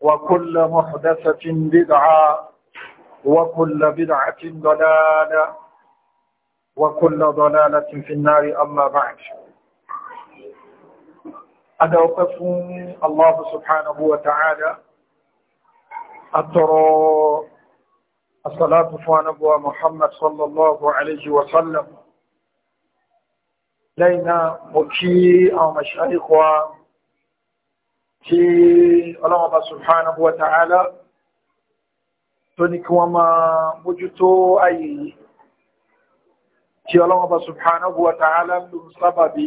وكل محدثة بدعة وكل بدعة ضلالة وكل ضلالة في النار أما بعد أنا أدوقف الله سبحانه وتعالى أترى الصلاة فانبوى محمد صلى الله عليه وسلم لينا مكي أو مشايخ tí ọlọ́wọ́ba subhanahu wa ta'ala tó ní kí wọ́n máa mójútó ayé yìí tí ọlọ́wọ́ba subhanahu wa ta'ala ló ń sábàbí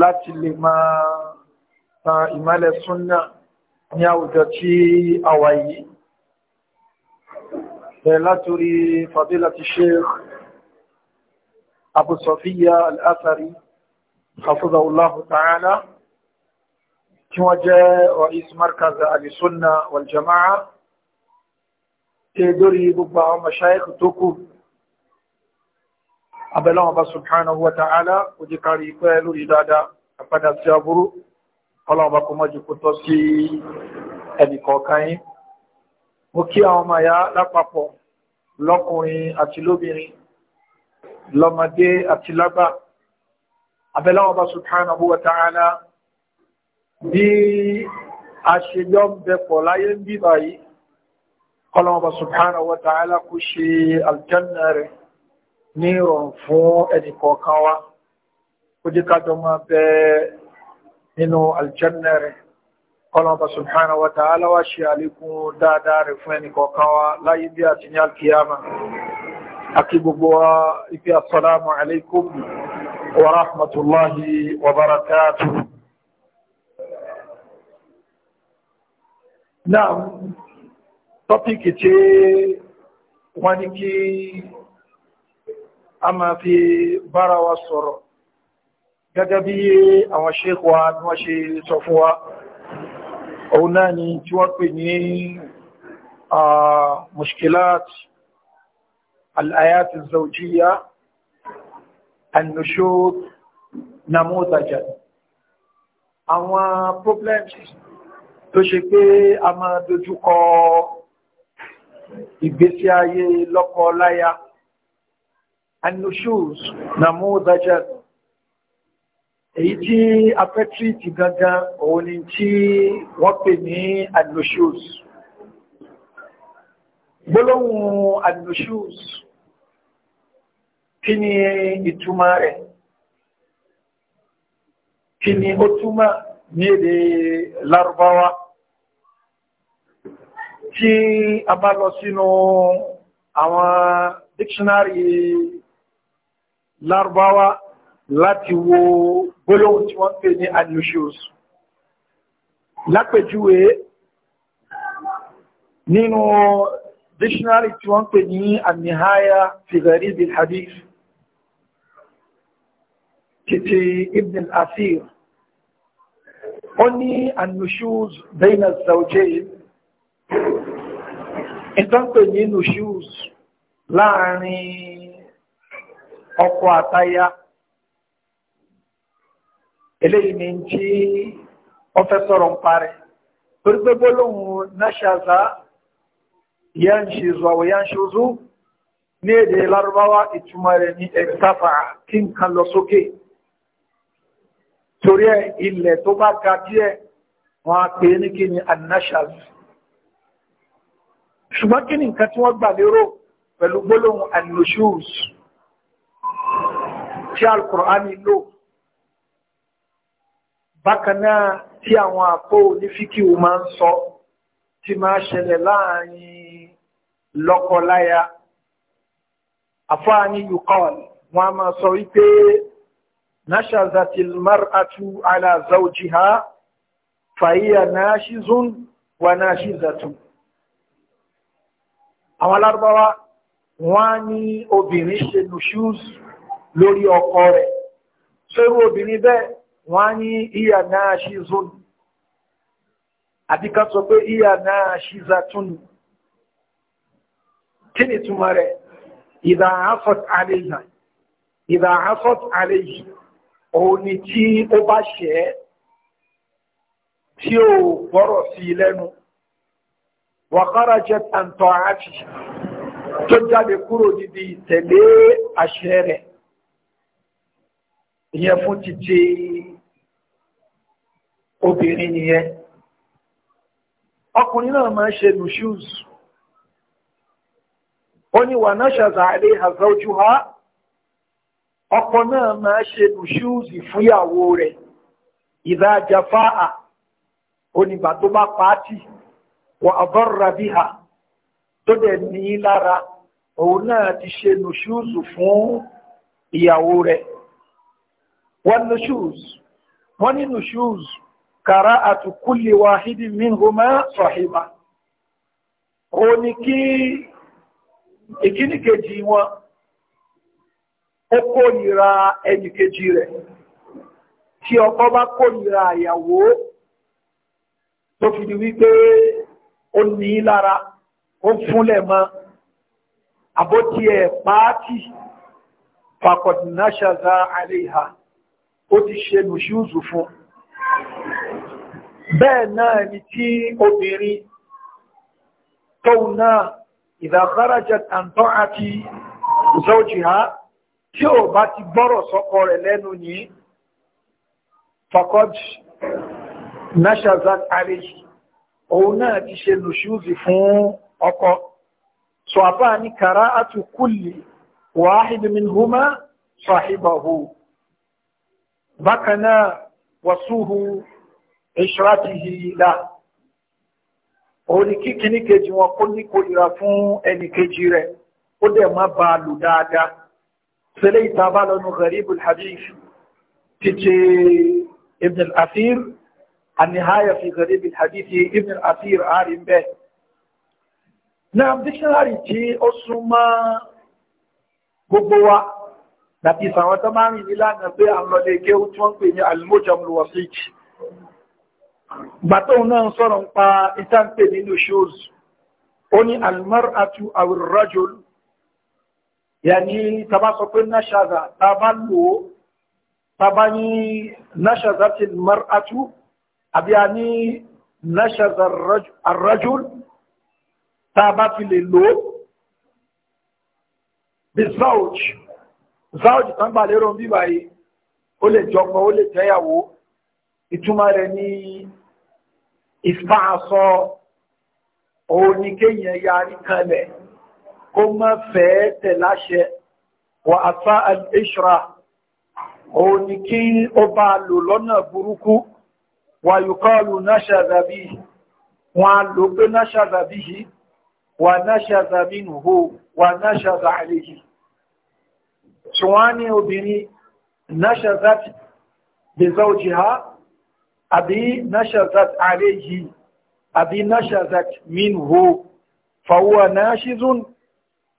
láti lè máa tan ìmọ́lẹ̀ súnnà ní àwùjọ tí àwa yìí bẹ̀rẹ̀ látòrí fadilati sheikh abu sofiya al-athari hafizahullahu ta'ala tí wọ́n jẹ́ rais markaz alisunna waljama'a tí dórí gbogbo àwọn mashayikh tó kù abẹ́lọ́wọ́ bá subhanahu wa ta'ala kò jí kárí pẹ́ lórí dáadáa àpadà sí aburú ọlọ́wọ́ bá kó mọ́jú kó tọ́ sí ẹnì kọ̀ọ̀kan yín bí àṣejọ́ ń bẹ̀pọ̀ láyé ń bí báyìí kọlọ́mọba subhanahu wa ta'ala kú ṣe aljanna rẹ̀ ní ìrọ̀rùn fún ẹnìkọ̀ọ̀kan wa kó jẹ́ kájọ máa bẹ nínú aljanna rẹ̀ kọlọ́mọba subhanahu wa ta'ala wá ṣe àlékún dáadáa rẹ̀ fún ẹnìkọ̀ọ̀kan wa láyé bí àti ní alkiyama àti gbogbo wa ife assalamu alaikum wa rahmatullahi wa barakatuhu náà topic tí wọ́n ní kí a máa fi bára wa sọ̀rọ̀ gẹ́gẹ́ bí àwọn sheikh wa ní wọ́n ṣe sọ fún wa òun náà ni tí wọ́n pè ní mushkilat al-ayat az-zawjiyya an àwọn problems tó ṣe pé a máa dojúkọ ìgbésí ayé lọ́kọ láya annushus namúdájá èyí tí a fẹ́ tírìtì gangan òun ni tí wọ́n pè ní annushus gbólóhùn annushus kí ni ìtumọ̀ rẹ̀ kí ni ó túmọ̀ ní èdè Lárúbáwá tí a bá lọ sínú àwọn dictionary lárúbáwá láti wo gbólóhùn tí wọ́n pè ní unusuals lápèjúwe nínú dictionary tí wọ́n pè ní annihaya fi gharib al-hadith títí ibn al-asir ó ní unusuals bayna az-zawjayn ìtọ́pẹ̀ nínú shoes láàrin ọkọ àtaya eléyìí ni tí wọ́n fẹ́ sọ̀rọ̀ ń parẹ́ torí pé gbólóhùn náṣàzá yá ń ṣe zuwa wọ yá ń ṣe ozú ní èdè lárúbáwá ìtumọ̀ rẹ̀ ní ẹ̀sáfà kí nǹkan lọ sókè torí ẹ̀ ilẹ̀ tó bá ga díẹ̀ wọ́n á pè é ní kí ni anashaz ṣùgbọ́n kí ni nǹkan tí wọ́n gbà lérò pẹ̀lú gbólóhùn al-nushuz tí al-Qur'ani lò bákan náà tí àwọn àpò onífíkìwò máa ń sọ tí máa ṣẹlẹ̀ láàrin lọ́kọláya àfáàní yukọ́l wọn a máa sọ wípé nashazatil mar'atu ala zawjiha fahiya wa nashizatun àwọn alárúbáwá wọ́n á ní obìnrin ṣe nushuz lórí ọkọ rẹ̀ sórí obìnrin bẹ́ẹ̀ wọ́n á ní ìyà náà ṣí zon àbí ká sọ pé ìyà náà ṣí zatun kí ni túmọ̀ rẹ̀ ìdá àásọ̀t àlejò ìdá òun ni tí ó bá ṣẹ́ tí ó gbọ́rọ̀ sí lẹ́nu وخرجت عن طاعته tó jáde kúrò níbi tẹ̀lé àṣẹ rẹ̀ ìyẹn fún títí obìnrin nìyẹn ọkùnrin náà máa ń ṣe nushuz ó ní wà náà ṣàzàlẹ̀ àzọ́jú ha ọkọ náà máa ṣe nushuz fúyàwó rẹ̀ ìdájàfáà onígbà tó bá pàátì wà àbọ̀rọ̀ bí ha tó dẹ̀ ní lára òun náà ti ṣe nùṣúùsù fún ìyàwó rẹ̀ wọ́n nùṣúùsù wọ́n ní nùṣúùsù kàrá àtùkúlé wa hídí mìírànmá sọ̀hìmá ó ní kí ìkíníkejì wọn ó kórìíra ẹnìkejì rẹ̀ tí ọkọ bá kórìíra àyàwó tó fi wípé ó ní lára ó fúnlẹ̀ mọ́ àbótí ẹ̀ pàátì fàkọ̀dínáṣàzá àríhà ó ti ṣe nùṣúùzù fún bẹ́ẹ̀ náà ni tí obìnrin tóun náà ìdàgbàrájẹ tàǹtọ́ àti zọ́jìhá tí ò bá ti gbọ́rọ̀ sọ́kọ rẹ̀ lẹ́nu yìí fàkọ̀dínáṣàzá àríhà òun náà ti ṣe lùṣúùzì fún ọkọ so àbá ní kàrá àtúkùlì wàáhìdì min huma sahibahu bákanáà wàsúhù ìṣratihi la òun ni kíkíní kejì wọn kó ní kórìíra fún ẹnì kejì rẹ̀ ó dẹ̀ má ba lù dáadáa sẹlẹ̀ ìta bá lọ́nu ti ṣe ibn al النهاية في غريب الحديث ابن الأثير عارم به نعم dictionary tí ó súnmọ́ gbogbo wa láti ìsànwọ́n tó máa rìn nílànà pé a lọ lè gẹ́ tí wọ́n pè ní alimojamlu wasich gbàtóhun náà sọ̀rọ̀ ń pa ìtànpè nínú shows ó ní almaratu awirrajul yàní tàbá sọ pé tàbá lò tàbá ní àbí a ní nashaza arrajul tá a bá fi lè lò ó bí zawj zawj tán gbà lérò ń bíbá yìí ó lè jọmọ ó lè jẹyàwó ìtumọ̀ rẹ̀ ní ìfàṣọ òun ni kéèyàn yarí kanlẹ̀ kó má fẹ́ tẹ̀ láṣẹ wà àfá al òun ni kí ó bá lò lọ́nà burúkú ويقال نشذ به وعلق نشذ به ونشذ منه ونشذ عليه شواني وبني نشذت بزوجها أبي نشذت عليه أبي نشذت منه فهو ناشز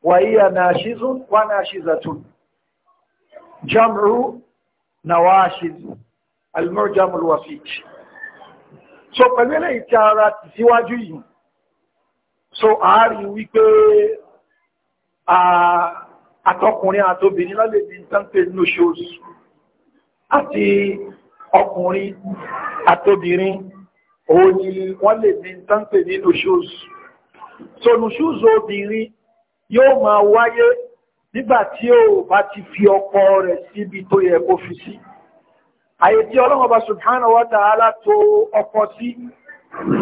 وهي ناشز وناشذة جمع نواشز المعجم الوسيط so pẹ̀lú eléyìí tí ara ti síwájú yìí so àárí wípé àtọkùnrin àtobìnrin lọ́lẹ̀ ní tánpẹ̀ nínú ṣoṣù àti ọkùnrin àtobìnrin òun ni wọ́n lè ní tánpẹ̀ nínú ṣoṣù so nùṣúzù obìnrin yóò máa wáyé nígbà tí ó bá ti fi ọkọ rẹ̀ síbi tó yẹ kó fi sí. Si àyè tí ọlọ́run ọba subhanahu wa ta'ala tó ọkọ sí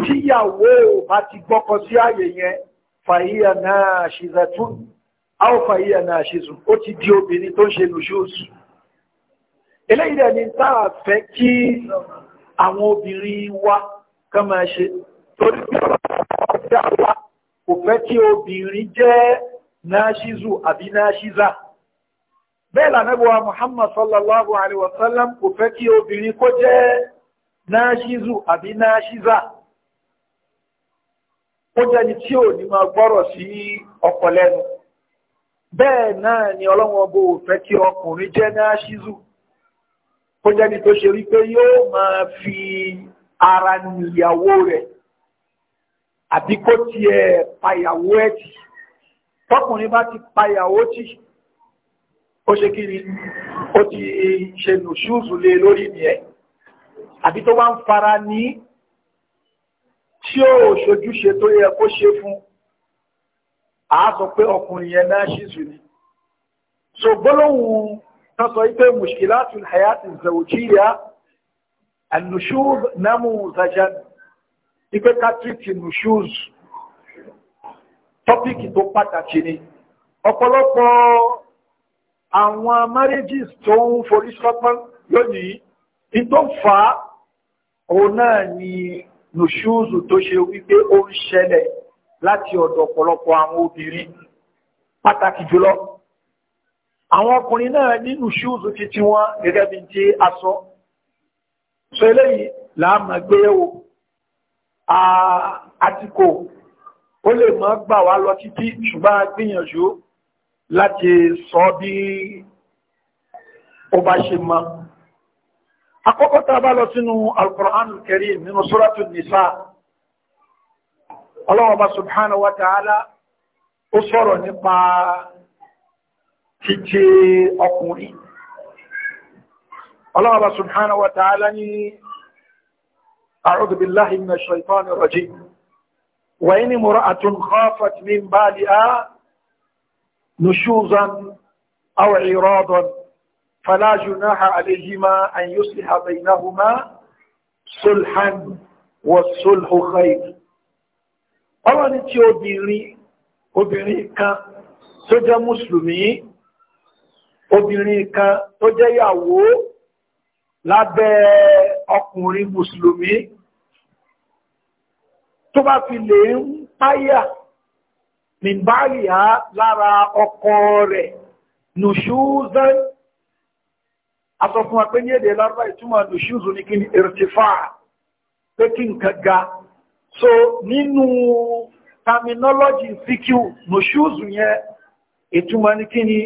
tíyàwó bá ti gbọ́kọ sí àyè yẹn fàyíyà náà ṣìzẹ̀tún áwọ̀ fàyíyà náà ṣìzùn ó ti di obìnrin tó ń ṣe lùṣúùsù eléyìí dẹ̀ ni táà fẹ́ kí àwọn obìnrin wa kán máa ṣe torí pé ọ̀pọ̀ ọ̀pọ̀ kò fẹ́ kí obìnrin jẹ́ náà ṣìzù àbí náà ṣìzà bẹ́ẹ̀ lànẹ́bọ̀wà Muhammad sallallahu alaihi wasallam kò fẹ́ kí obìnrin kó jẹ́ náṣízù àbí náṣízà ó jẹ́ ni tí ò ní máa gbọ́rọ̀ sí ọkọ lẹ́nu bẹ́ẹ̀ náà ni ọlọ́wọ́n bó fẹ́ kí ọkùnrin jẹ́ náṣízù ó jẹ́ tó ṣe rí yóò máa fi ara níyàwó rẹ̀ àbí kó tiẹ̀ payàwó ẹ̀ tì tọkùnrin bá ti payàwó tì ó ṣe kí ni ó ti ṣe nù ṣúùsù lé lórí nìyẹn àbí tó bá ń fara ní tí ó ṣojúṣe tó yẹ kó ṣe fún a sọ pé ọkùnrin yẹn náà ṣìṣù ni so gbólóhùn tán sọ wípé mushkilatul hayati zawjiyya an-nushuz namuzajan ipe katriti nushuz tọ́píkì tó pàtàkì ni ọ̀pọ̀lọpọ̀ àwọn marriages tó ń forí sọ́pọ́n lónìí in tó fà òun náà ni nùṣúùzù tó ṣe wípé ó ń ṣẹlẹ̀ láti ọ̀dọ̀ ọ̀pọ̀lọpọ̀ àwọn obìnrin pàtàkì jùlọ àwọn ọkùnrin náà ní nùṣúùzù ti ti wọn gẹ́gẹ́ bí ti aṣọ so eléyìí láàmà gbé o àtìkò ó lè mọ́ gbà wá lọ títí ṣùgbọ́n gbìyànjú láti sọ bí ó bá ṣe ma akọ́kọ́ tá a bá lọ sínú al-Qur'an al-Karim nínú Suratu Nisa Ọlọ́hun Ọba wa ta'ala ó sọ̀rọ̀ nípa títí ọkùnrin Ọlọ́hun Ọba wa ta'ala ní أعوذ بالله من الشيطان الرجيم وإن امرأة خافت من بالها نشوزا أو عراضا فلا جناح عليهما أن يصلح بينهما صلحا والصلح خير ọlọ́ni tí obìnrin obìnrin kan tó jẹ́ mùsùlùmí obìnrin kan tó jẹ́ yàwó lábẹ́ ọkùnrin mùsùlùmí tó bá fi lè ń páyà min báyìá lára ọkọ rẹ̀ nùṣúzán asọ̀fún àpé ní èdè lárúbá ìtumọ̀ nùṣúzù ní kí ní ìrìtífà pé kí n kàga so nínú terminology fq nùṣúzù yẹn ìtumọ̀ ní kí ní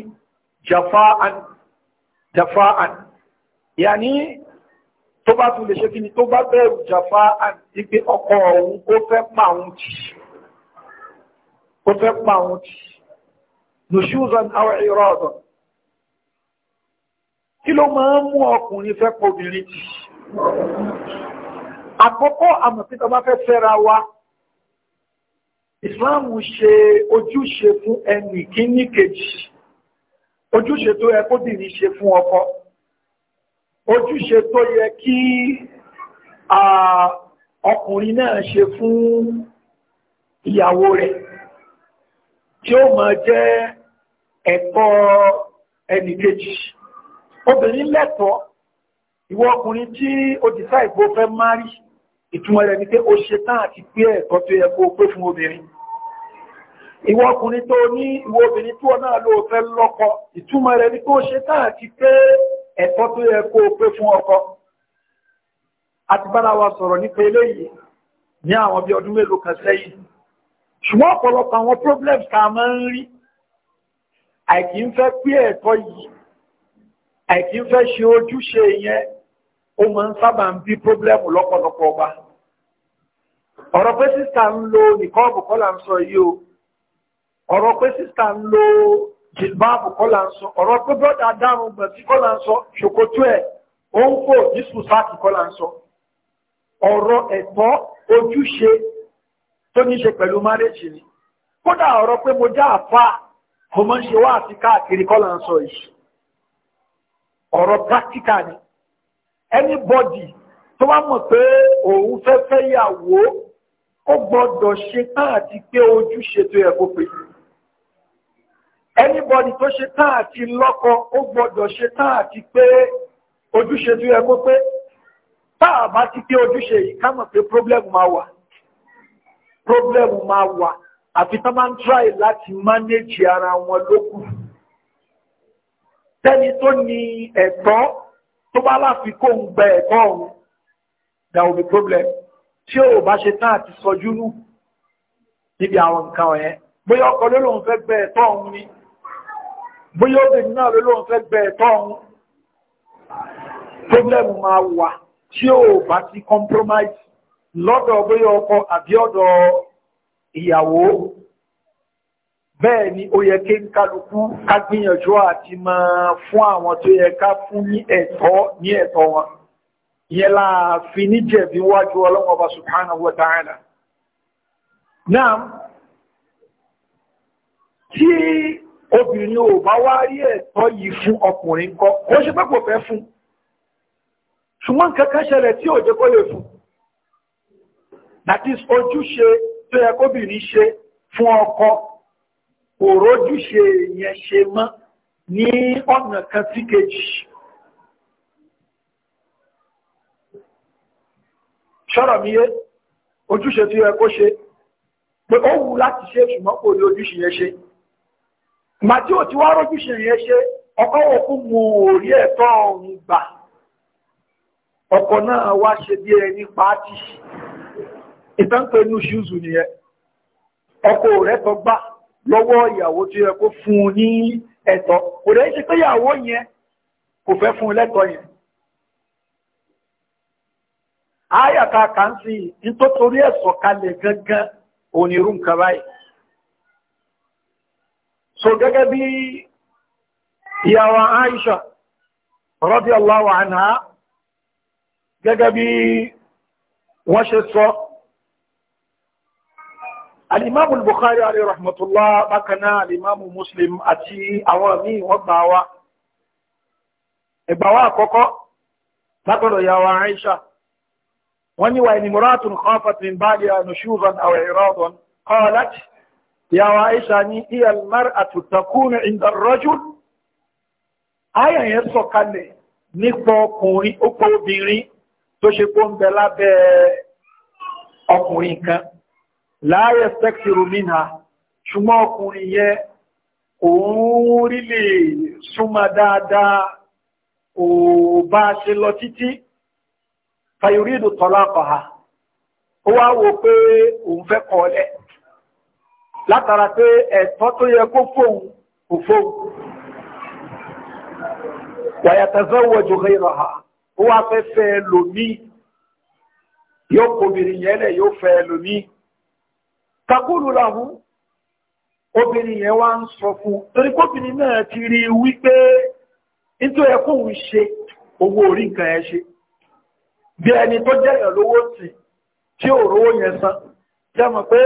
jafa'an jafa'an yàní tó bá tún lè ṣe kí ní tó bá bẹ̀rù jafa'an ìgbé ọkọ òun kó fẹ́ pàun tìí ó fẹ́ pa àwọn tí nushuzan aw iradan kí ló máa ń mú ọkùnrin fẹ́ pọ̀ obìnrin tí àkọ́kọ́ àmọ̀síta bá fẹ́ fẹ́ra wa ìsìláàmù ṣe ojúṣe fún ẹnì kíní kejì ojúṣe tó yẹ kó dìní ṣe fún ọkọ ojúṣe tó yẹ kí ọkùnrin náà ṣe fún ìyàwó rẹ̀ tí ó máa jẹ́ ẹ̀kọ́ ẹnìkejì obìnrin lẹ́tọ̀ọ́ ìwọ ọkùnrin tí ó ti sá ìgbó fẹ́ márì ìtumọ̀ rẹ̀ ni pé ó ṣe tán àti pé ẹ̀kọ́ tó yẹ kó pé fún obìnrin ìwọ ọkùnrin tó ní ìwọ obìnrin tó náà ló fẹ́ lọ́kọ ìtumọ̀ rẹ̀ ni pé ó ṣe tán àti pé ẹ̀kọ́ tó yẹ kó pé fún ọkọ àti bára wa sọ̀rọ̀ nípa eléyìí ní àwọn bí ọdún mélòó kan sẹ́yìn ṣùgbọ́n ọ̀pọ̀lọpọ̀ àwọn problems tá a máa ń rí àìkí ń fẹ́ pé ẹ̀kọ́ yìí àìkí ń fẹ́ ṣe ojúṣe yẹn ó máa ń sábà ń bí problem lọ́pọ̀lọpọ̀ ọba ọ̀rọ̀ pé sísà ń lo nìkan bùkọ́là ń sọ yìí o ọ̀rọ̀ pé sísà ń lo jìlbáàbù kọ́là ń sọ ọ̀rọ̀ pé bọ́dà dárùn gbẹ̀tí kọ́là ń sọ ṣòkòtò ẹ̀ ó ń kó dísù sáàkì kọ́là ń sọ ọ̀rọ̀ ẹ̀tọ́ ojúṣe tó ní ṣe pẹ̀lú márẹ́jì ni kódà ọ̀rọ̀ pé mo já àfá ọmọ ń ṣe wá àti káàkiri kọ́lá ń sọ yìí ọ̀rọ̀ practical ni anybody tó bá mọ̀ pé òun fẹ́ fẹ́ yàwó ó gbọ́dọ̀ ṣe tán àti pé ojúṣe tó yẹ pé anybody tó ṣe tán àti lọ́kọ ó gbọ́dọ̀ ṣe tán àti pé ojúṣe tó yẹ kó pé tá a bá ti pé ojúṣe yìí ká mọ̀ pé problem máa wà problem máa wà àfi tán máa ń try láti manage ara wọn lókù tẹ́ni tó ní ẹ̀tọ́ tó bá láfi ń gba ẹ̀tọ́ ọ̀hún that will be problem tí ò bá ṣe tán àti sọjú nù níbi àwọn nǹkan ọ̀yẹn bóyá ọkọ ló lóun fẹ́ gbẹ ẹ̀tọ́ ọ̀hún ni bóyá obìnrin náà ló lóun fẹ́ gbẹ ẹ̀tọ́ ọ̀hún problem máa wà tí ò bá ti compromise lọ́dọ̀ bóyá ọkọ àbí ọ̀dọ̀ ìyàwó bẹ́ẹ̀ ni ó yẹ kí n kálukú ká gbìyànjú àti máa fún àwọn tó yẹ ká fún ní ẹ̀tọ́ ní ẹ̀tọ́ wọn yẹ láàfin níjẹ̀bi wájú ọlọ́mọba wa ta'ala náà tí obìnrin ò bá wá rí ẹ̀tọ́ yìí fún ọkùnrin kọ́ kó ṣe pé kò ṣùgbọ́n kankan ṣẹlẹ̀ tí ò jẹ́ kó fún that is ojúṣe tó yẹ kóbìnrin ṣe fún ọkọ kò rójúṣe yẹn ṣe mọ́ ní ọ̀nà kan sí kejì ṣọ́rọ̀ mi yé ojúṣe tó yẹ kó ṣe pé ó wù láti ṣe ṣùgbọ́n kò rí ojúṣe yẹn ṣe ìgbà tí ò ti wá rójúṣe yẹn ṣe ọkọ òkú mu òrí ẹ̀tọ́ ọ̀hún gbà ọkọ náà wá ṣe bí ẹni pàátì ìtànpé inú ṣúùzù ni ẹ ọkọ rẹ̀ tó gbà lọ́wọ́ ìyàwó tó yẹ kó fún un ní ẹ̀tọ́ kò rẹ̀ ṣe pé ìyàwó yẹn kò fẹ́ fún un lẹ́tọ́ yẹn ayàtà kàǹsì nítorí ẹ̀sọ̀ kalẹ̀ gangan òun nǹkan báyìí so gẹ́gẹ́ bí ìyàwó Aisha radiyallahu anha gẹ́gẹ́ bí wọ́n ṣe sọ alimamu bukhari alayhi rahmatullah bákaná alimamu muslim àti àwọn míì wọ́n gbà wá ìgbà wá àkọ́kọ́ látọ̀dọ̀ yàwó aisha wọ́n ní wa ni muratun khafat min bali a nushuzan aw iradun qalat yàwó aisha ní iya almar'atu takunu inda rajul aya yẹn sọ̀kalẹ̀ nípa ọkùnrin ó pọ̀ obìnrin tó ṣe pé ń bẹ lábẹ́ ọkùnrin kan láàyẹ̀ spẹ́kìrù mínà ṣùgbọ́n ọkùnrin yẹ òun rí lè súnmọ́ dáadáa ò bá ṣe lọ títí fayorido tọ́lápàá ó wá wo pé òun fẹ́ kọ́ọ̀lẹ̀ látara pé ẹ̀tọ́ tó yẹ kó fóun kò fóun wàyàtàzọ́wọ́jù ghayraha ó wá fẹ́ fẹ́ lòmí yóò kòmìnrin yẹ́lẹ̀ yóò fẹ́ lòmí kakúlù làwọn obìnrin yẹn wá ń sọ fún torí kóbìnrin náà ti rí wípé nítorí ẹkọ òun ṣe owó orí nǹkan ẹ ṣe bí ẹni tó jẹyàn lówó sí tí ò rówó yẹn san jẹ pé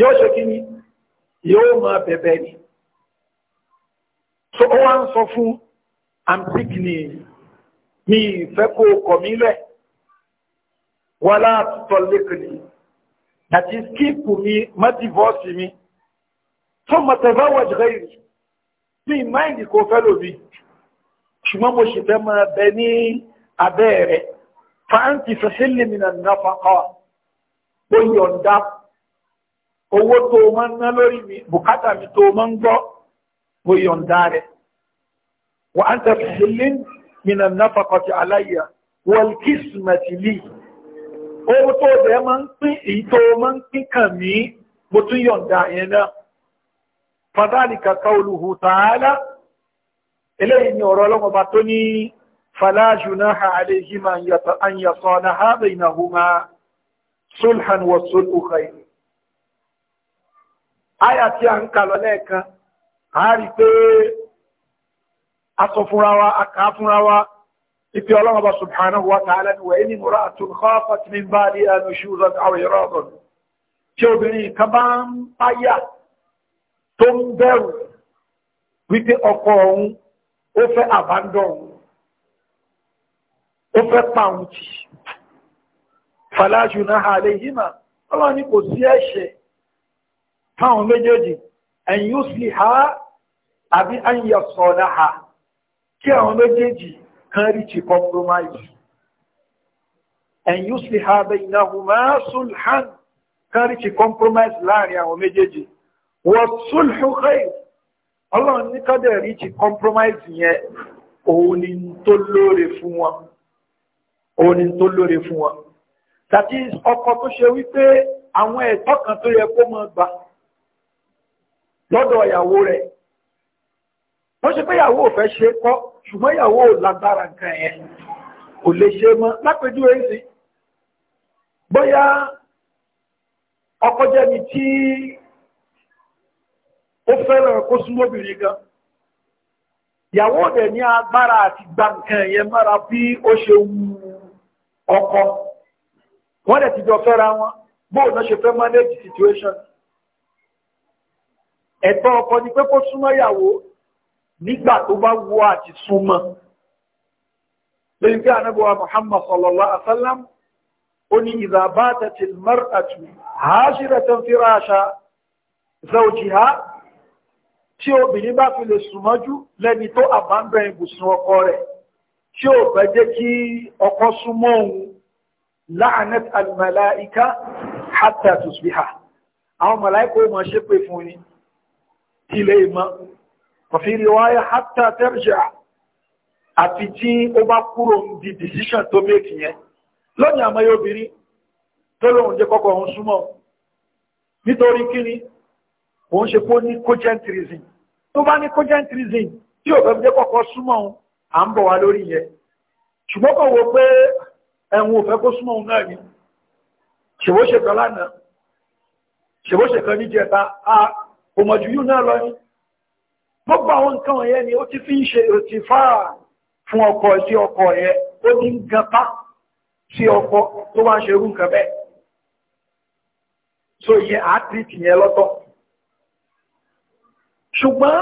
yóò ṣe kí ni yóò máa bẹ̀bẹ̀ ni so wá ń sọ fún amtik ni mi ìfẹ́ kó kọ̀ mí lẹ̀ wọ́n látọ̀ lẹ́kọ̀ọ́ that is keep me má divorce mi tó mọ̀ tẹ̀fẹ́ wọ̀ jẹ́ ìrì mi máìndì kò fẹ́ lòdì ṣùgbọ́n mo ṣe fẹ́ máa bẹ ní abẹ́ rẹ̀ fáǹtì fẹ́sílì mi náà náà fọ́kọ́ ó yọ̀ǹda owó tó o máa mi bùkátà mi tó o máa ń gbọ́ mo yọ̀ǹda rẹ̀ wà á ń tẹ̀ fẹ́sílì mi náà náà fọ́kọ́ ohun tó dẹ̀ máa ń pín èyí tó máa ń pín kàn mí mo tún yọ̀ǹda yẹn náà fadhalika qawluhu ta'ala eléyìí ni ọ̀rọ̀ ọlọ́mọba tó ní fala junaha ha an yasalaha baynahuma sulhan wa sulhu khayr àyà tí a ń kà lẹ́ẹ̀kan a rí pé a fúnra wa a fúnra wa ipi ọlọ́mọba subhanahu wa ta'ala ni wà ní muratun khafat min ba'di nushuzan aw iradan tí obìnrin kan bá ń páyà tó ń bẹ̀rù wípé ọkọ ọ̀hún ó fẹ́ àbándọ̀ ó fẹ́ pàun tì fala junaha alayhima ọlọ́run ni kò sí ẹ̀ṣẹ̀ fáwọn méjèèjì an yusliha àbí an yasliha kí àwọn méjèèjì kán rí ti compromise an yusliha baynahuma sulhan kán rí ti compromise láàrin àwọn méjèèjì wa sulhu khair ọlọ́run ní kọ́dẹ̀ rí ti compromise yẹn òun ni tó lóore fún wọn òun ni tó lóore tàbí ọkọ tó ṣe wípé àwọn ẹ̀tọ́ kan tó yẹ kó máa gbà lọ́dọ̀ ìyàwó rẹ̀ wọ́n ṣe pé ìyàwó ò fẹ́ ṣe kọ́ ṣùgbọ́n ìyàwó lágbára nǹkan yẹn kò lè ṣe mọ́ lápẹjú èsì bóyá ọkọ jẹ́ni tí ó fẹ́ràn kó súnmọ́ obìnrin gan ìyàwó dẹ̀ ní agbára àti gba nǹkan yẹn mọ́ra bí ó ṣe wu ọkọ wọ́n dẹ̀ ti jọ fẹ́ra wọn bóò náà ṣe fẹ́ manage situation ẹ̀tọ́ ọkọ ni pé kó súnmọ́ ìyàwó nígbà tó bá wù àti súnmọ́ lẹ́yìn pé anábọ̀wà Muhammad sallallahu alaihi wasallam ó ní idha batatil mar'atu hashiratan firasha zawjiha tí obìnrin bá fi lè súnmọ́jú lẹ́ni tó àbámbẹ̀ ibùsùn ọkọ rẹ̀ tí ó bẹ́ jẹ́ kí ọkọ súnmọ́ وفي رواية حتى ترجع àti tí ó bá kúrò ń di decision tó make yẹn lónìí àmọ́ yóò bìírí tó lóun jẹ́ kọ́kọ́ òun súnmọ́ nítorí kíni òun ṣe kó ní cogent reason tó bá ní cogent reason tí ò fẹ́ jẹ́ kọ́kọ́ súnmọ́ òun à ń bọ̀ wá lórí yẹn ṣùgbọ́n kò wo pé ẹ̀hun ò fẹ́ kó súnmọ́ òun náà ni ṣèwó ṣe kan lánàá ṣèwó ṣe kan níjẹta a òmọ̀jú yìí náà lọ ni gbogbo àwọn nǹkan ọ̀yẹ́ ni ó ti fi ń ṣe òtì fáà fún ọkọ sí ọkọ ẹ̀ ó ní ń gapá sí ọkọ tó bá ń ṣe irú bẹ́ẹ̀ so ìyẹn àátìrìtì yẹn lọ́tọ̀ ṣùgbọ́n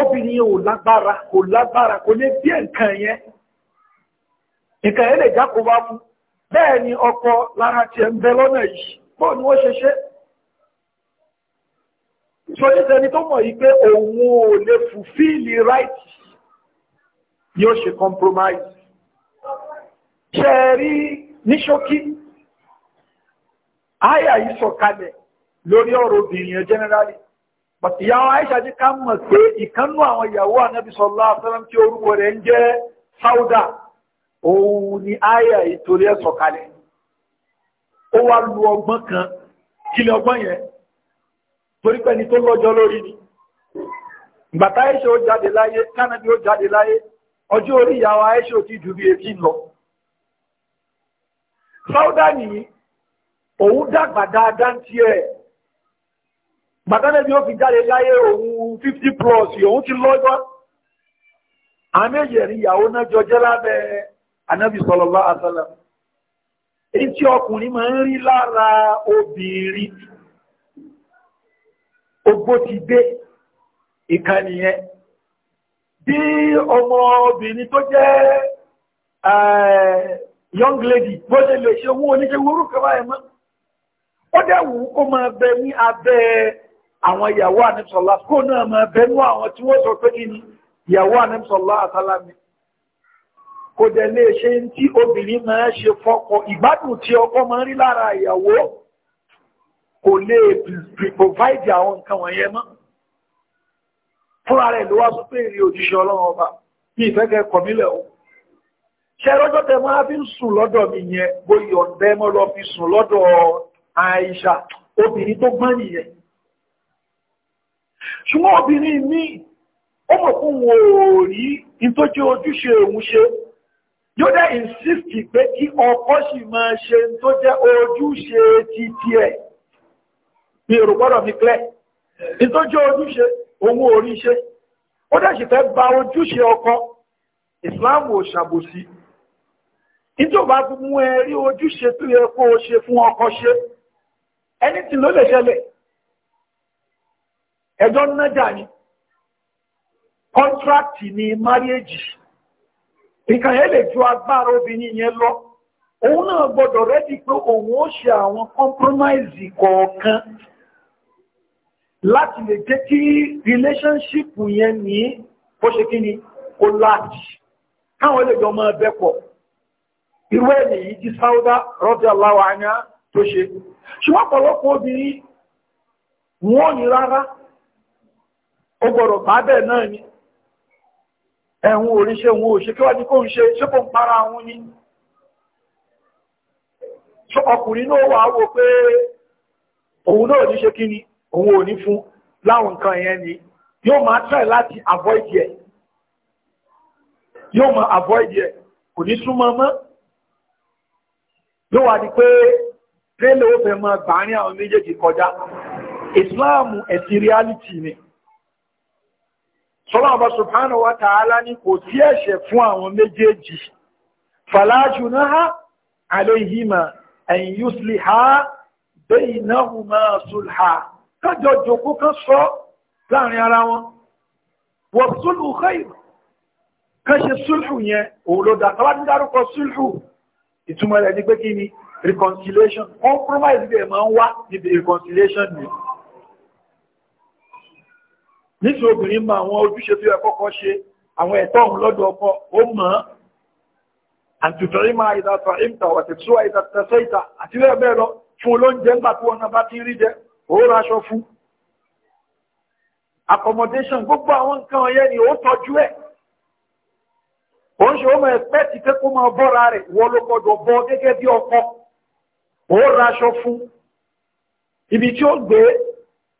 obìnrin ò lágbára kò lágbára kò lè bí nǹkan yẹn nǹkan yẹn lè jákòó bá fún bẹ́ẹ̀ ni ọkọ lára tiẹ̀ ń bẹ lọ́nà yìí bọ́ọ̀ ni wọ́n ṣe ṣe so nítorí ẹni tó mọ̀ yìí pé òun ò lè fulfill right yóò ṣe compromise ṣe rí ní ṣókí àyà yìí sọ̀kalẹ̀ lórí ọ̀rọ̀ obìnrin generally but ìyàwó Aisha jí ká mọ̀ pé ìkánú àwọn ìyàwó ànábì sallallahu alaihi wasallam tí orúkọ rẹ̀ ń jẹ́ Sauda òun ni àyà yìí torí ẹ̀ sọ̀kalẹ̀ ó wá lu ọgbọ́n kan kí ni ọgbọ́n yẹn torí pé tó lọ́jọ́ lórí ni bàtà Aisha ó jáde láyé kánàbí ó jáde láyé ọjọ́ orí ìyàwó Aisha ò ti ju bí etí lọ Sauda nìyí òun dàgbà dáadáa ń tiẹ̀ ó fi jáde láyé òun 50 plus òun ti lọ́jọ́ àmẹ́yẹ̀rí ìyàwó náà jọ jẹ́ lábẹ́ anábì sallallahu alaihi ma èyí tí ọkùnrin máa ń rí lára obìnrin ogbó ti dé ìkan nìyẹn bí ọmọ tó jẹ́ eh, young lady bó ṣe lè ṣe owó oníṣẹ́ orú kẹwàá ẹ̀mọ́ ó dẹ̀wù kó máa bẹ ní abẹ́ àwọn ìyàwó àníṣọ́lá kó náà máa bẹ ní àwọn tí wọ́n sọ pé kí ni ìyàwó àníṣọ́lá àtàlámi kò dẹ̀ lè ṣe tí obìnrin máa ṣe fọ́kọ ìgbádùn tí ọkọ máa rí lára ìyàwó kò lè provide àwọn nǹkan wọ̀nyẹn mọ́ fúnra rẹ̀ ló wá sọ pé èrè òjíṣẹ́ ọlọ́run ọba bí ìfẹ́kẹ́ kọ̀mílẹ̀ o ṣe lọ́jọ́ tẹ máa fi ń sùn lọ́dọ̀ mi yẹn bó yọ̀ǹdẹ́ mọ́ lọ fi sùn lọ́dọ̀ Àìṣà obìnrin tó gbọ́n nìyẹn ṣùgbọ́n obìnrin mi ó mọ̀ fún wọn ò rí in tó jẹ́ ojúṣe òun ṣe yóò dẹ̀ insist pé kí ọkọ sì máa ṣe tó jẹ́ ojúṣe titi ẹ̀ bí èrò gbọ́dọ̀ fi klẹ́ ìtọ́jú ojúṣe owó orí ṣe ó dẹ̀ṣì fẹ́ ba ojúṣe ọkọ Islam ò ṣàbòsí ìjọba ti mú ẹ rí ojúṣe tó yẹ kó o ṣe fún ọkọ ṣe anything ló lè ṣẹlẹ̀ ẹjọ́ nájà ni contract ni marriage nǹkan yẹn lè ju agbára obìnrin yẹn lọ òun náà gbọ́dọ̀ rẹ́dí pé òun ó ṣe àwọn compromise kọ̀ọ̀kan láti lè jẹ́ kí relationship yẹn ní ó ṣe kí ni ó láti káwọn ẹlẹ́jọ́ máa bẹ́pọ̀ irú ẹ̀nì yìí ti sáúdá rọ́bí aláwọ̀ anyá tó ṣe ṣùgbọ́n pọ̀lọpọ̀ obìnrin wọ́n ní rárá ó gbọ́dọ̀ bá bẹ́ẹ̀ náà ni ẹ̀hun oríṣẹ́ wọn ò ṣe kí wá ní kó ń ṣe ṣe kó ń para wọn ni ọkùnrin náà wà á wò pé òun náà ní ṣe kí ni òun ò ní fún láwọn nǹkan yẹn ni yóò máa try láti avoid yẹ yóò máa avoid yẹ kò ní súnmọ́ mọ́ yóò wá di pé tẹ́lẹ̀ ó fẹ́ máa gbà ní àwọn méjèèjì kọjá ìsìláàmù ẹ̀sìn reality ni sọ́lá ọba subhanahu wa ta'ala ní kò sí ẹ̀ṣẹ̀ fún àwọn méjèèjì fala junaha alayhima an yusliha baynahuma sulha kájọ jòkó kan sọ láàrin ara wọn wọ sulhu khayr kan ṣe sulhu yẹn òun ló dá tọ́wá ní sulhu ìtumọ̀ rẹ̀ ní pé kí ni reconciliation compromise bẹ̀rẹ̀ máa ń wá níbi reconciliation ni nítorí obìnrin mọ àwọn ojúṣe tó yẹ kọ́kọ́ ṣe àwọn ẹ̀tọ́ òun lọ́dọ̀ ọkọ ó mọ̀ ọ́ àtùtọ̀rímà ìdàtọ̀ ìmta àtẹ̀tùwà ìdàtẹ̀sẹ̀ ìta àti bẹ́ẹ̀ bẹ́ẹ̀ lọ fún olóúnjẹ ńgbà tí wọn náà bá ti rí jẹ ó raṣọ fún accommodation gbogbo àwọn nǹkan ọ̀yẹ́ ni ó tọ́jú ẹ̀ ó ń ṣe ó mọ̀ ẹ̀pẹ́ ti pé kó máa bọ́ra rẹ̀ wọ́n ló gbọ́dọ̀ bọ́ gẹ́gẹ́ bí ọkọ ó raṣọ fún ibi tí ó gbé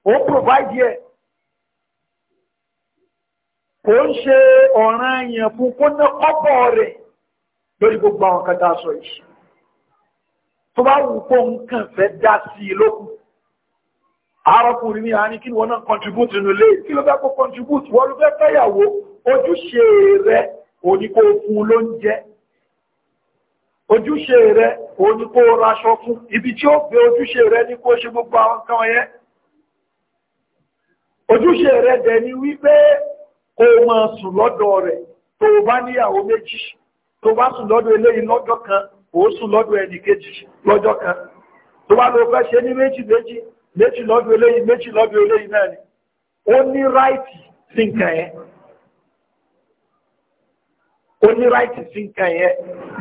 ó provide ẹ̀ kò ń ṣe ọ̀ràn èèyàn fún kó ná kọ́bọ̀ rẹ̀ lórí gbogbo àwọn kan tá sọ yìí tó bá wù kó nǹkan fẹ́ dá sí i lókùn arákùnrin ní àní kí wọ́n náà contribute nínú ilé kí ló fẹ́ kó contribute wọ́n ló fẹ́ fẹ́yàwó ojúṣe rẹ̀ oníkó fún lóúnjẹ ojúṣe rẹ̀ oníkó raṣọ fún ibi tí ó gbé ojúṣe rẹ̀ ní kó ṣe gbogbo àwọn kan yẹn ojúṣe rẹ̀ dẹ̀ ni wípé kó máa sùn lọ́dọ̀ rẹ̀ tó bá níyàwó méjì tó bá sùn lọ́dọ̀ eléyìí lọ́jọ́ kan ó sùn lọ́dọ̀ ẹnì kejì lọ́jọ́ kan tó bá lọ fẹ́ ṣe ní méjì méjì méjì lọ eléyìí ole lọ́bí eléyìí náà ni ó ní ráìtì sí nǹkan yẹn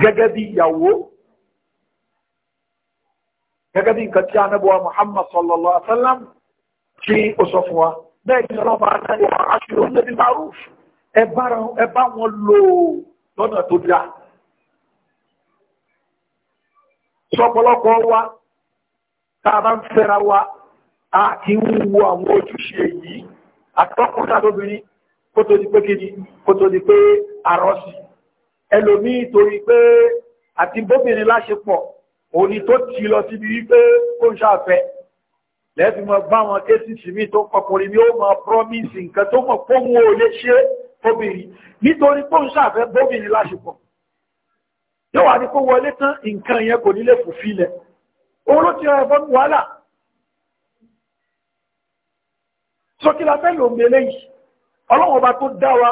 ó ní tí Muhammad sallallahu alaihi wa sallam tí ó sọ fún wa bẹ́ẹ̀ ni maruf ẹ bá wọn lò sọpọlọpọ wa tá a bá wa. àti ń wo àwọn ojúṣe yìí àtọkùnrin àtobìnrin kó tó di pé kíni kó tó di pé àrọ́sì ẹlòmíì torí pé àti bóbìnrin láṣepọ̀ òní tó ti lọ síbi wípé kó ń ṣàfẹ́ lẹ́fi mọ̀ bá wọn kéṣìṣì mi tó pọkùnrin mi ó mọ promise nǹkan tó mọ̀ fóun ò lè ṣe obìnrin nítorí kó ń ṣàfẹ́ bóbìnrin láṣepọ̀ yóò wà ní kó wọlé tán nǹkan yẹn kò ní lè fòfilẹ̀ owó ló ti rẹ̀ fọ́nù wàhálà sókílá fẹ́ lò mẹ́lẹ́ yìí ọlọ́run ọba tó dá wa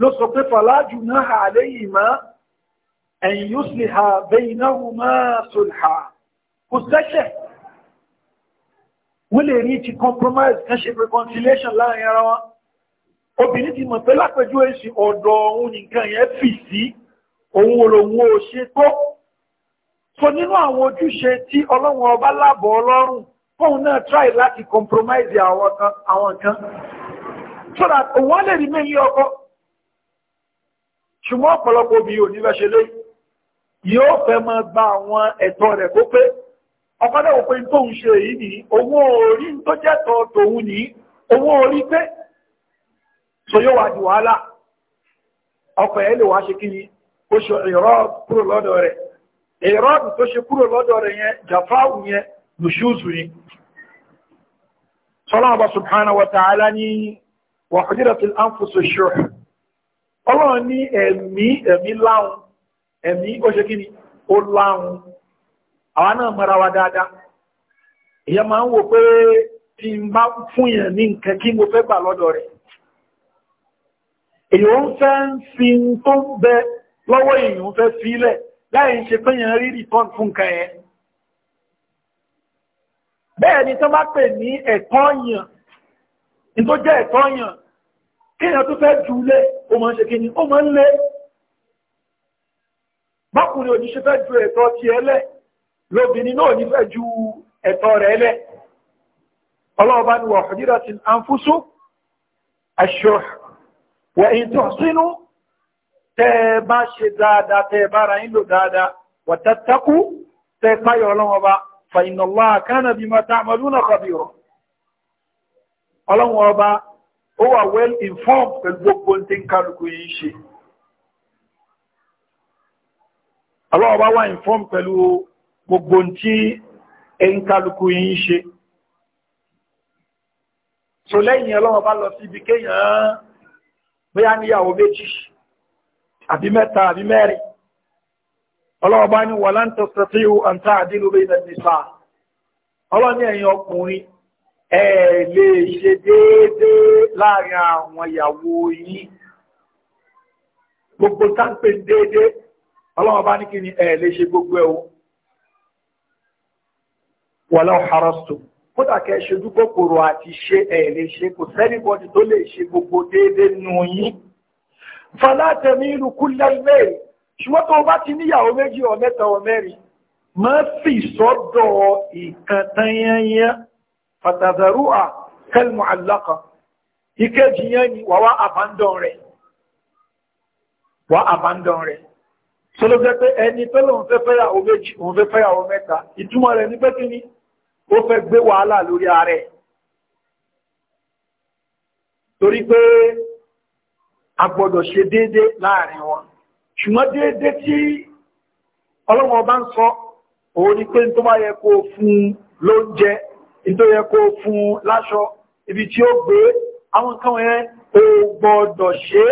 ló sọ pé fàlájù náà hà lẹ́yìn má ẹ̀yìn yóò sì hà bẹ́yìn náà wù má sòlhà kò sẹ́ṣẹ̀ wọ́n lè rí ti compromise kan reconciliation láàrin ara wọn obìnrin ti mọ̀ pé lápẹjú èsì ọ̀dọ̀ òun nìkan yẹn fì sí òun olóhun ò ṣe tó so nínú àwọn ojúṣe tí ọlọ́run ọba lábọ̀ ọlọ́run fóun náà try láti compromise àwọn kan so that wọ́n lè rí mẹ́lẹ́ ọkọ ṣùgbọ́n ọ̀pọ̀lọpọ̀ obì ò ní fẹ́ ṣe léyìí yóò fẹ́ máa gba àwọn ẹ̀tọ́ rẹ̀ kó pé ọ̀pọ̀lọpọ̀ òpin tóun ṣe èyí ní owó orí tó jẹ́tọ̀ tòun ní owó orí pé so yóò wà di wàhálà ọkọ̀ ẹ̀ lè wá ṣe kí ni ó ṣe nùṣúùsù ni sọ́lọ́ọ̀bá subhanahu wa ta'ala ní wa hudirat al-anfus ash-shuh ọlọ́run ní ẹ̀mí ẹ̀mí láhùn ẹ̀mí ó ṣe kí ni ó láhùn àwa náà mara wa dáadáa ìyẹn máa ń wò pé tí n bá fún yẹn ní nǹkan kí mo fẹ́ gbà lọ́dọ̀ rẹ̀ èyàn fẹ́ ń fi tó ń bẹ lọ́wọ́ èyàn fẹ́ sílẹ̀ láì ṣe pé yẹn rí return fún nǹkan yẹn bẹ́ẹ̀ ni tó bá pè ní ẹ̀tọ́ yàn ní tó jẹ́ ẹ̀tọ́ yàn kí èèyàn tó fẹ́ jù lé o máa ń ṣe kíni ó máa ń lé bákùnrin òní ṣe fẹ́ ju ẹ̀tọ́ ti ẹlẹ́ lóbìnrin náà ní fẹ́ ju ẹ̀tọ́ rẹ̀ ẹlẹ́ ọlọ́ọ̀bá ni wà fìdíra ti àǹfúsù aṣọ wà èyí tó sínú tẹ́ bá ṣe dáadáa tẹ́ bára yín lò dáadáa wà tẹ́ páyọ̀ ọlọ́wọ́ bá فإن الله كان بما تعملون خبيرا ọlọ́run ọba ó wà well informed pẹ̀lú gbogbo tí ń kálukú yìí ṣe ọlọ́run ọba wà informed pẹ̀lú gbogbo tí ń kálukú yìí ṣe so lẹ́yìn ọlọ́run ọba lọ sí ibi kéèyàn bóyá níyàwó méjì àbí mẹ́ta àbí mẹ́rin ọlọ́ọ̀bá ní wà láńtọ̀ sẹ́tíhù àǹtà àdílù bẹ́ ilẹ̀ nìsà ọlọ́ni ẹ̀yin ọkùnrin ẹ̀ lè ṣe déédéé láàrin àwọn ìyàwó yìí gbogbo táńpé déédéé ọlọ́ọ̀bá ní kí ni ẹ̀ lè ṣe gbogbo ẹ̀wọ̀ wà láwọn harastu kódà kẹ́ ṣùgbọ́n tó bá ti níyàwó méjì ọ mẹ́ta ọ mẹ́rin má fi sọ́dọ̀ ìkan tanyanyan fàtàzàrúà kẹlmù aláka ìkejì yẹn ni wà wá abandon rẹ̀ wà abandon rẹ̀ sọlọ́ fẹ́ pé ẹni tó lóun fẹ́ fẹ́yàwó méjì òun fẹ́ fẹ́yàwó mẹ́ta ìtumọ̀ rẹ̀ ní pé kí ó fẹ́ gbé wàhálà lórí ààrẹ torí pé a ṣe déédéé láàrin wọn ṣùgbọ́n déédé tí ọlọ́wọ́ bá ń sọ òun ni pé tó bá yẹ kó fún lóúnjẹ tó yẹ kó fún láṣọ ibi tí ó gbé àwọn nǹkan yẹn ò gbọ́dọ̀ ṣe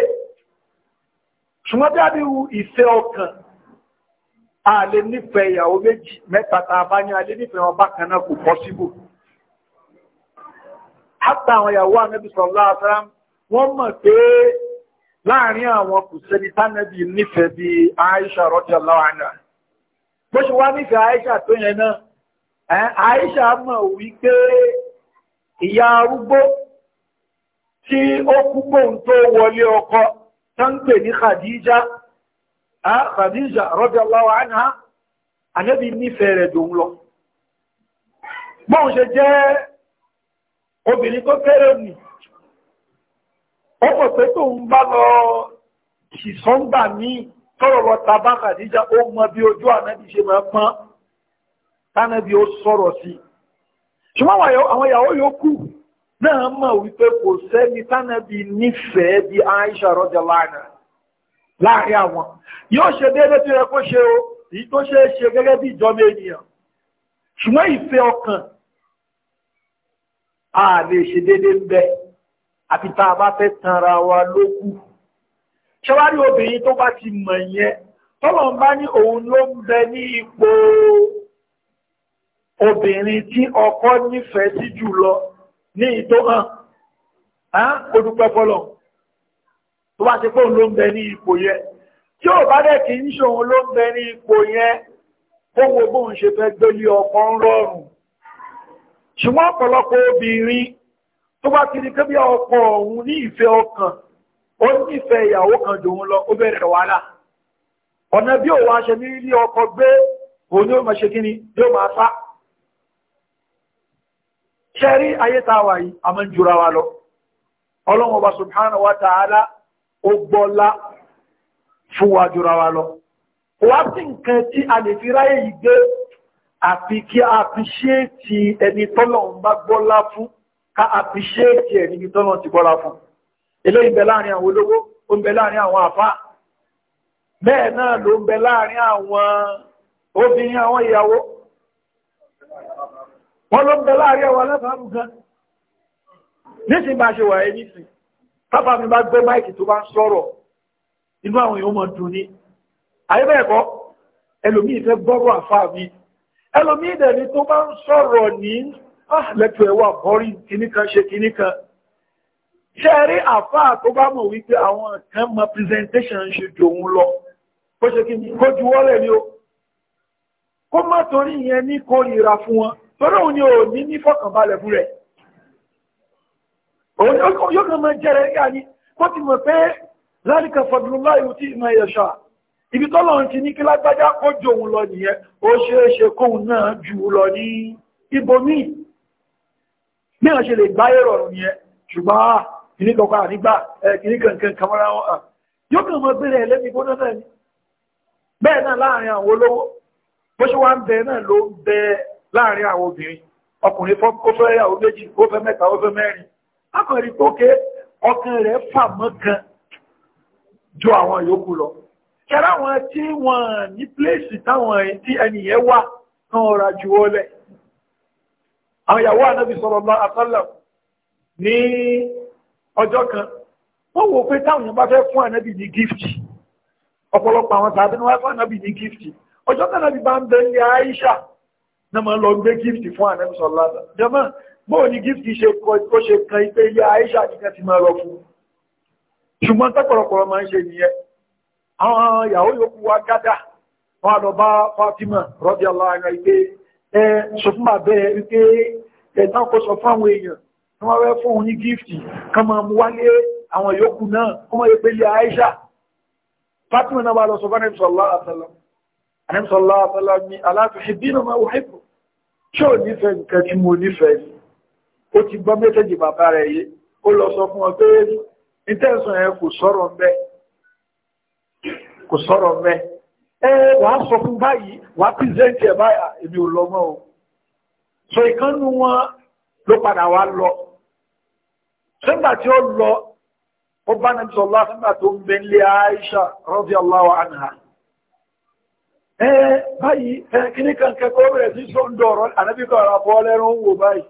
ṣùgbọ́n dábí ìfẹ́ ọkàn a lè nífẹ̀ẹ́ ìyàwó méjì mẹ́ta tá a bá ní a lè nífẹ̀ẹ́ wọn bákan náà kò pọ́síbù hátà àwọn ìyàwó ànábì sallallahu alaihi wasallam wọ́n mọ̀ pé láàrin àwọn kò sẹ́ni tánẹ́bì nífẹ̀ẹ́ bí Aisha radiyallahu anha bó ṣe wá nífẹ̀ẹ́ Aisha tó yẹn náà Aisha mọ̀ wípé ìyá arúgbó tí ó kú gbóhùn tó wọlé ọkọ tó ń pè ní Khadija Khadija radiyallahu anẹ́bì nífẹ̀ẹ́ rẹ̀ dùn lọ bóhùn ṣe jẹ́ obìnrin tó kéré nìí ó mọ̀ pé tó ń bá lọ ìsọ́ngbà míì tọ́rọ̀ lọ ta bá Khadija ó mọ bí ojú ànábì ṣe máa pọ́n tánàbí ó sọ̀rọ̀ sí ṣùgbọ́n àwọn ìyàwó yòókù náà mọ̀ wípé kò sẹ́ni tánàbí nífẹ̀ẹ́ bí Aisha radiyallahu anha láàrin àwọn yóò ṣe déédé tó yẹ kó ṣe o èyí tó ṣe é ṣe gẹ́gẹ́ bí ìjọba ènìyàn ṣùgbọ́n ìfẹ́ ọkàn a lè ṣe déédé ń bẹ́ẹ̀ àfi tá a bá fẹ́ tanra wa lókù ṣẹwárí obìnrin tó bá ti mọ̀ yẹn tọ́lọ̀ ń bá ní òun ló ń bẹ ní ipò obìnrin tí ọkọ nífẹ̀ẹ́ sí jùlọ ní ìtó hàn ó dúpẹ́ fọ́lọ̀ tó bá ti pé òun ló ń bẹ ní ipò yẹn tí ò bá dẹ̀ kì í ṣòun ló ń bẹ ní ipò yẹn ó bóun ṣe fẹ́ gbélé ọkọ ń rọrùn ṣùgbọ́n ọ̀pọ̀lọpọ̀ obìnrin tó bá ti di pé bí ọkọ òun ní ìfẹ́ ọkàn ó ní ìfẹ́ ìyàwó kan jù òun lọ ó bẹ̀rẹ̀ wàhálà ọ̀nà bí òun aṣẹ ní ilé ọkọ gbé òun ni ó máa ṣe kí ni yóò máa sá ṣẹ́rí ayé táwà yìí a mọ́ jùra wa lọ ọlọ́run ọba subhanahu wa ta'ala ó gbọ́lá fún wa jùra wa lọ wá sí nǹkan tí a lè fi ráyè yìí gbé àfi kí a fi ṣe ti ẹni tọ́lọ̀ ń bá gbọ́lá fún ká appreciate ẹ̀ níbi tọ́nà ti bọ́lá fún eléyìí ń bẹ láàrin àwọn olówó ó ń bẹ láàrin àwọn àfá bẹ́ẹ̀ náà ló ń bẹ láàrin àwọn obìnrin àwọn ìyàwó wọ́n ló ń bẹ láàrin àwọn alábàárù gan nísìn bá ṣe wà ẹ́ nísìn pápá mi bá gbé máìkì tó bá ń sọ̀rọ̀ inú àwọn èèyàn mọ̀ dùn ní àyẹ́bẹ̀ẹ̀kọ́ ẹlòmíì ah lẹ́tọ̀ ẹ̀wà bọ́rí kìníkan ṣe kìníkan ṣe rí àfáà tó bá mọ̀ wípé àwọn kan mọ presentation ṣe jò òun lọ kó ṣe kí ni kó ju wọ́lẹ̀ ni ó kó má torí ìyẹn ní kórìíra fún wọn torí òun ni ò ní ní fọkànbalẹ̀ fún rẹ̀ òun yóò kàn máa jẹ́rẹ̀ rí àní kó ti mọ̀ pé láríkà fọdùnlá ìwò tí ìmọ̀ ẹ̀ṣà ibi tọ́lọ̀ ti ní kí lágbájá kó jò òun lọ nìyẹn ó ṣeéṣe kóun náà jù lọ ní ibòmíì bí wọ́n ṣe lè gbáyé rọrùn ní ẹ ṣùgbọ́n kìní kọ̀ọ̀kọ́ ànígbà kìní kankan wọn à yóò kàn mọ́ bẹ̀rẹ̀ ẹlẹ́mi náà ni bẹ́ẹ̀ náà láàrin àwọn olówó bó ṣe wá ń bẹ náà ló ń bẹ láàrin àwọn obìnrin ọkùnrin ó fẹ́ yàwó méjì ó fẹ́ mẹ́ta ó fẹ́ mẹ́rin akọ̀rin tó ké ọkàn rẹ̀ fà mọ́ kan ju àwọn yòókù lọ ṣẹ́ra wọn àwọn ìyàwó ànábì sallallahu alaihi wasallam ní ọjọ́ kan wọ́n wò pé táwọn èèyàn bá fẹ́ fún ànábì ní gífìtì ọ̀pọ̀lọpọ̀ àwọn tàbí wọ́n fún ànábì ní gífìtì ọjọ́ kan bá ń bẹ ní Aisha náà máa lọ gbé gífìtì fún ànábì sallallahu alaihi wasallam jẹ́mọ́ bóò ní gífìtì ṣe ṣe kan ipé ilé Aisha nìkan ti máa lọ fún ṣùgbọ́n tọ́pọ̀lọpọ̀ máa ń ṣe nìyẹn àwọn ìyàwó yòókù wa gádà wọn lọ bá Fatima radiyallahu anha ìgbé ẹ sọ fún bàbẹ́ wípé ẹ̀tàn kó sọ fáwọn èèyàn tó wọ́n rẹ́ fún òun ní gífì kan máa mú wálé àwọn yòókù náà kó mọ́ ìpé ilé Aisha Fatima náà bá lọ sọ fún anẹ́sọ̀lá ní aláàfihì bí náà wọ́n hìbò tí ò nífẹ̀ẹ́ nǹkan tí mo nífẹ̀ẹ́ ó ti gbọ́ mẹ́tẹ̀jì bàbá rẹ̀ yé ó lọ sọ fún ọ pé ìtẹ́sùn ẹ̀ kò sọ̀rọ̀ mẹ́ ẹ wàá sọ fún báyìí wàá pírísẹ́ǹtì ẹ̀ báyà èmi ò lọ mọ́ o sọ ìkànnù wọn ló padà wá lọ sígbà tí ó lọ ó bá nàbí sọlá sígbà tó ń bẹ nílé Aisha radiyallahu anha ẹ báyìí ẹ kíní kan kẹ́kọ̀ọ́ bẹ̀rẹ̀ sí sọ ń dọ̀rọ̀ ànábì kan ara bọ́ lẹ́rọ ń wò báyìí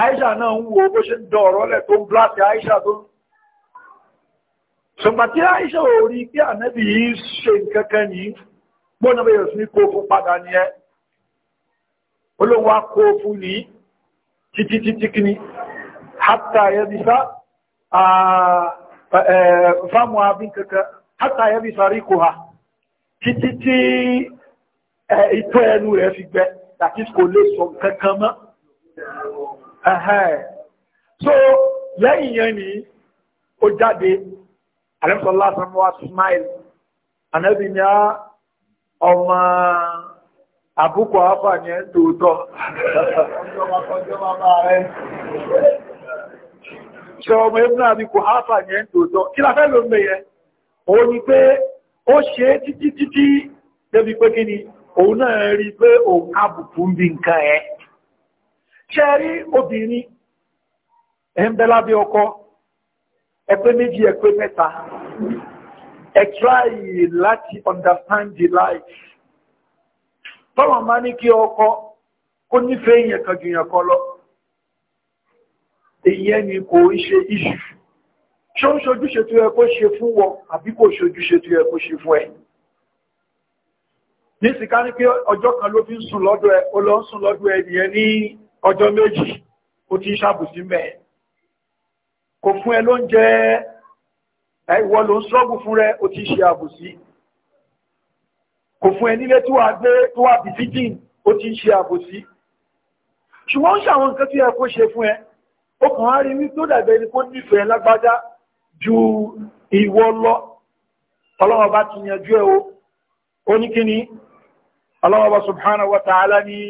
Aisha náà ń wò bó ṣe ń dọ̀rọ̀ lẹ̀ tó ń blast Aisha tó ń ṣùgbà tí àìṣẹ́ orí pé ànẹ́bì yìí ṣe nǹkankan ní gbónàbí yóò sí kó fún padà ní ẹ olówó kó ní títí títí kí ni hátà yẹbisa fámù abin kankan hátà yẹbisa rí kò ha títí tí ìtọ́ ẹnu rẹ̀ fi gbẹ tàbí kò lè sọ kankan mọ́ so lẹ́yìn yẹn ni ó jáde àlẹ́sọ̀lá sàmúwà smile anábì ní ọmọ àbúkọ̀ afà ní ẹ̀ tòótọ́ ṣe ọmọ ẹgbẹ́ àbíkọ̀ afà ní ẹ̀ tòótọ́ kí la fẹ́ ló ń bẹ̀yẹ o ni pé ó ṣe títí títí débi pé kí ni òun náà rí pé òun àbùkù ń bí nǹkan ẹ̀ ṣe rí obìnrin ẹ̀ ń bẹ lábẹ́ ọkọ ẹ̀pẹ́ méjì ẹ̀pẹ́ mẹ́ta ẹ̀ try láti understand the life tọ́lọ̀ máa ní kí ọkọ kó nífẹ̀ẹ́ èèyàn kan jù yàn kọ lọ èèyàn ni kò ń ṣe iṣu ṣó ń ṣojúṣe tó yẹ kó ṣe fún wọn àbí kò ṣojúṣe tó yẹ kó ṣe fún ẹ ní sìká ní pé ọjọ́ kan ló fi ń sùn lọ́dọ̀ ẹ ó lọ ń sùn lọ́dọ̀ ẹ nìyẹn ní ọjọ́ méjì ó ti ń ṣàbùsí mẹ́ẹ̀ kò fún ẹ ló ń jẹ ẹwọ ló ń sọ́gùn fún rẹ o ti ṣe àbòsí kò fún ẹ nílé tó wà gbé tó wà bí fídíìn o ti ṣe àbòsí ṣùgbọ́n ṣe àwọn nǹkan tí ẹ kó ṣe fún ẹ ó kàn á rí ní tó dàbẹ̀ ni kó nífẹ̀ẹ́ lágbájá ju ìwọ lọ ọlọ́wọ́ bá ti yanjú ẹ o ó ní kíni ọlọ́wọ́ bá subhanahu wa ta'ala ní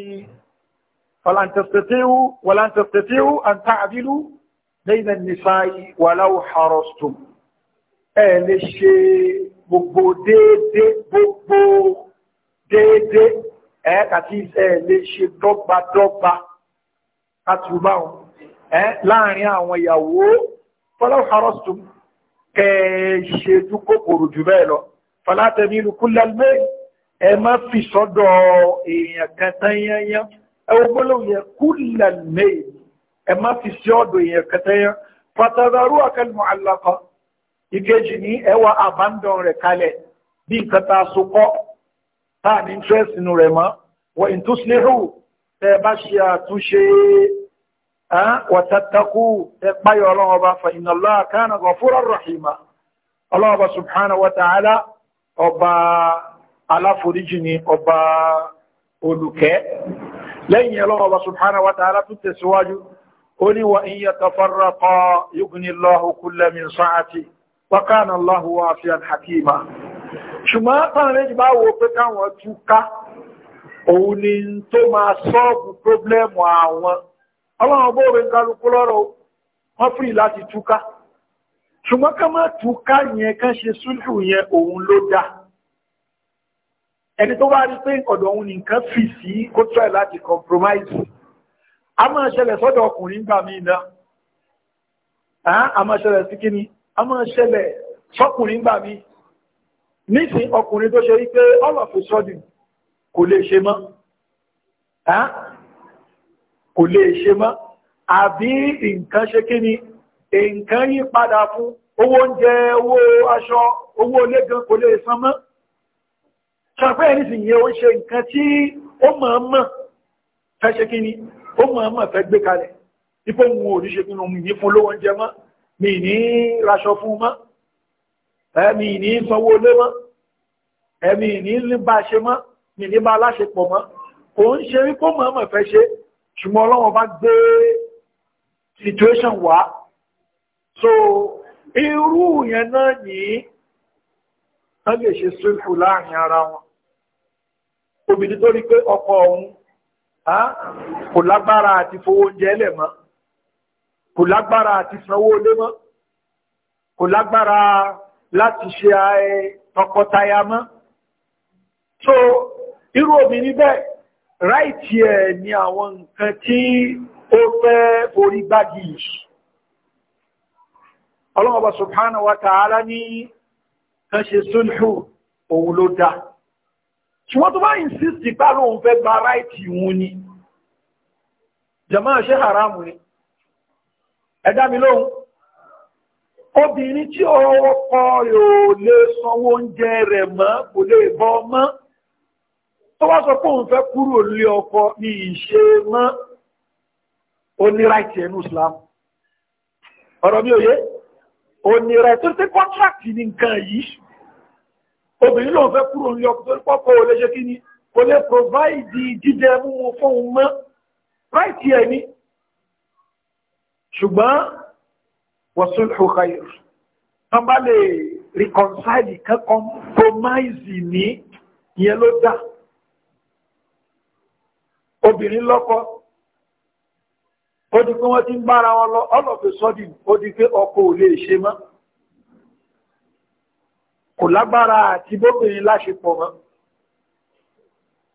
walan tastati'u walan lẹ́yìn ẹ̀nìfà wàláwò harrostum ẹ̀ lè ṣe gbogbo déédé gbogbo déédé ẹ̀ àti ẹ̀ lè ṣe dọ́gbadọ́gba àtúbà ẹ̀ láàrin àwọn ìyàwó wàláwò harrostum kẹ́ ṣe dúkòkòrò jù bẹ́ẹ̀ lọ fàlátẹ̀mí lùkúlẹ̀ ẹ má fi sọ́dọ̀ èèyàn kan tán ẹ wọ́n gbọ́lọ́ yẹ kúlẹ̀ ẹ má fi sí ọ̀dọ̀ èèyàn kẹtẹ́yẹ pàtàkì àkẹ́lùmọ̀ alákọ ìkejì ní ẹwà abandon rẹ̀ kalẹ̀ bí nǹkan tá a so kọ́ tá a ní interest nínú rẹ̀ mọ́ wọ́n ìtúsílẹ̀hù tẹ́ ẹ bá ṣe àtúnṣe wàtàtàkù tẹ́ páyọ̀ ọlọ́run ọba fa inna Allaha kana ghafuran rahima ọlọ́run ọba subhanahu wa ta'ala ọba aláforíjì ni ọba olùkẹ́ lẹ́yìn ọlọ́run ọba subhanahu wa ta'ala tún tẹ̀síwájú. ó ní wa in yatafarraqa yughni wa kana Allahu wasi'an hakima ṣùgbọ́n méjì bá wo pé káwọn túká òun ni tó máa sọ́ọ̀bù pọ́blẹ́mù àwọn ọlọ́run bóòrè ń kálukú lọ́rọ̀ wọ́n fìrì láti tuka. ṣùgbọ́n ká má yẹn kán ṣe yẹn òun ló dá ẹni tó bá rí pé ọ̀dọ̀ òun nìkan fì sí kó a máa ṣẹlẹ̀ sọ́dọ̀ ọkùnrin gbà mí náà a máa ṣẹlẹ̀ sí kíní a máa ṣẹlẹ̀ sọ́kùnrin gbà mí nísìn ọkùnrin tó ṣe rí pé all of a sudden kò lè ṣe mọ́ kò lè ṣe mọ́ àbí nǹkan ṣe kíní nǹkan yí padà fún owó oúnjẹ owó aṣọ owó ilé kò lè san mọ́ ṣàpẹ́ ẹ̀rí sì yẹ ó ṣe nǹkan tí ó mọ̀ mọ̀ fẹ́ ṣe kíní ó mọ̀ ọmọ fẹ́ gbé kalẹ̀ ipò òun ò ní ṣe pinnu mi ní fún lówó oúnjẹ mọ́ mi ní raṣọ fún mọ́ ẹ̀mí ní sanwó lé mọ́ ẹ̀mí ní bá ṣe mọ́ mi ní bá aláṣepọ̀ mọ́ kò ń ṣe wípé mọ̀ ọmọ fẹ́ ṣe ṣùgbọ́n ọlọ́wọ́n bá gbé situation wá so irú yẹn náà yìí wọ́n lè ṣe sulhu láàrin ara wọn obìnrin tó rí pé ọkọ òun kò lágbára àti fowó oúnjẹ lẹ̀ mọ́ kò lágbára àti sanwó ilé mọ́ kò lágbára láti ṣe tọkọtaya mọ́ so irú obìnrin bẹ́ẹ̀ ráìtì ẹ̀ ni àwọn nǹkan tí ó fẹ́ orí gbági yìí ọlọ́wọ́ bá subhanahu wa ta'ala ní kan ṣe sulhu òun ló dáa ṣùgbọ́n tó bá insist pé lóun fẹ́ gba ráìtì wọn ni jàmáà ṣe haramu ni ẹ̀dá mi lóhun obìnrin tí ọkọ yóò lè sanwó oúnjẹ rẹ̀ mọ́ kò lè bọ́ mọ́ tó wá sọ pé òun fẹ́ kúrò lé ọkọ ní ìṣe mọ́ ó ní ráìtì ẹnu Islam ọ̀rọ̀ mi òye ó ní ráìtì tó ti kọ́ńtrákì ní nǹkan yìí obìnrin lòun fẹ́ kúrò ní ọkùnrin tó ní pọ́pọ́ ò lè ṣe kí ni kò lè provide jíjẹ múmu fóun mọ́ right ẹ̀ ni ṣùgbọ́n wasulhu khayr wọ́n bá lè reconcile kan compromise ní ìyẹn ló dá obìnrin lọ́kọ ó di pé wọ́n ti ń bára wọn lọ all of ó di pé ọkọ ò lè ṣe mọ́ kò lágbára àti bóbìnrin láṣepọ̀ mọ́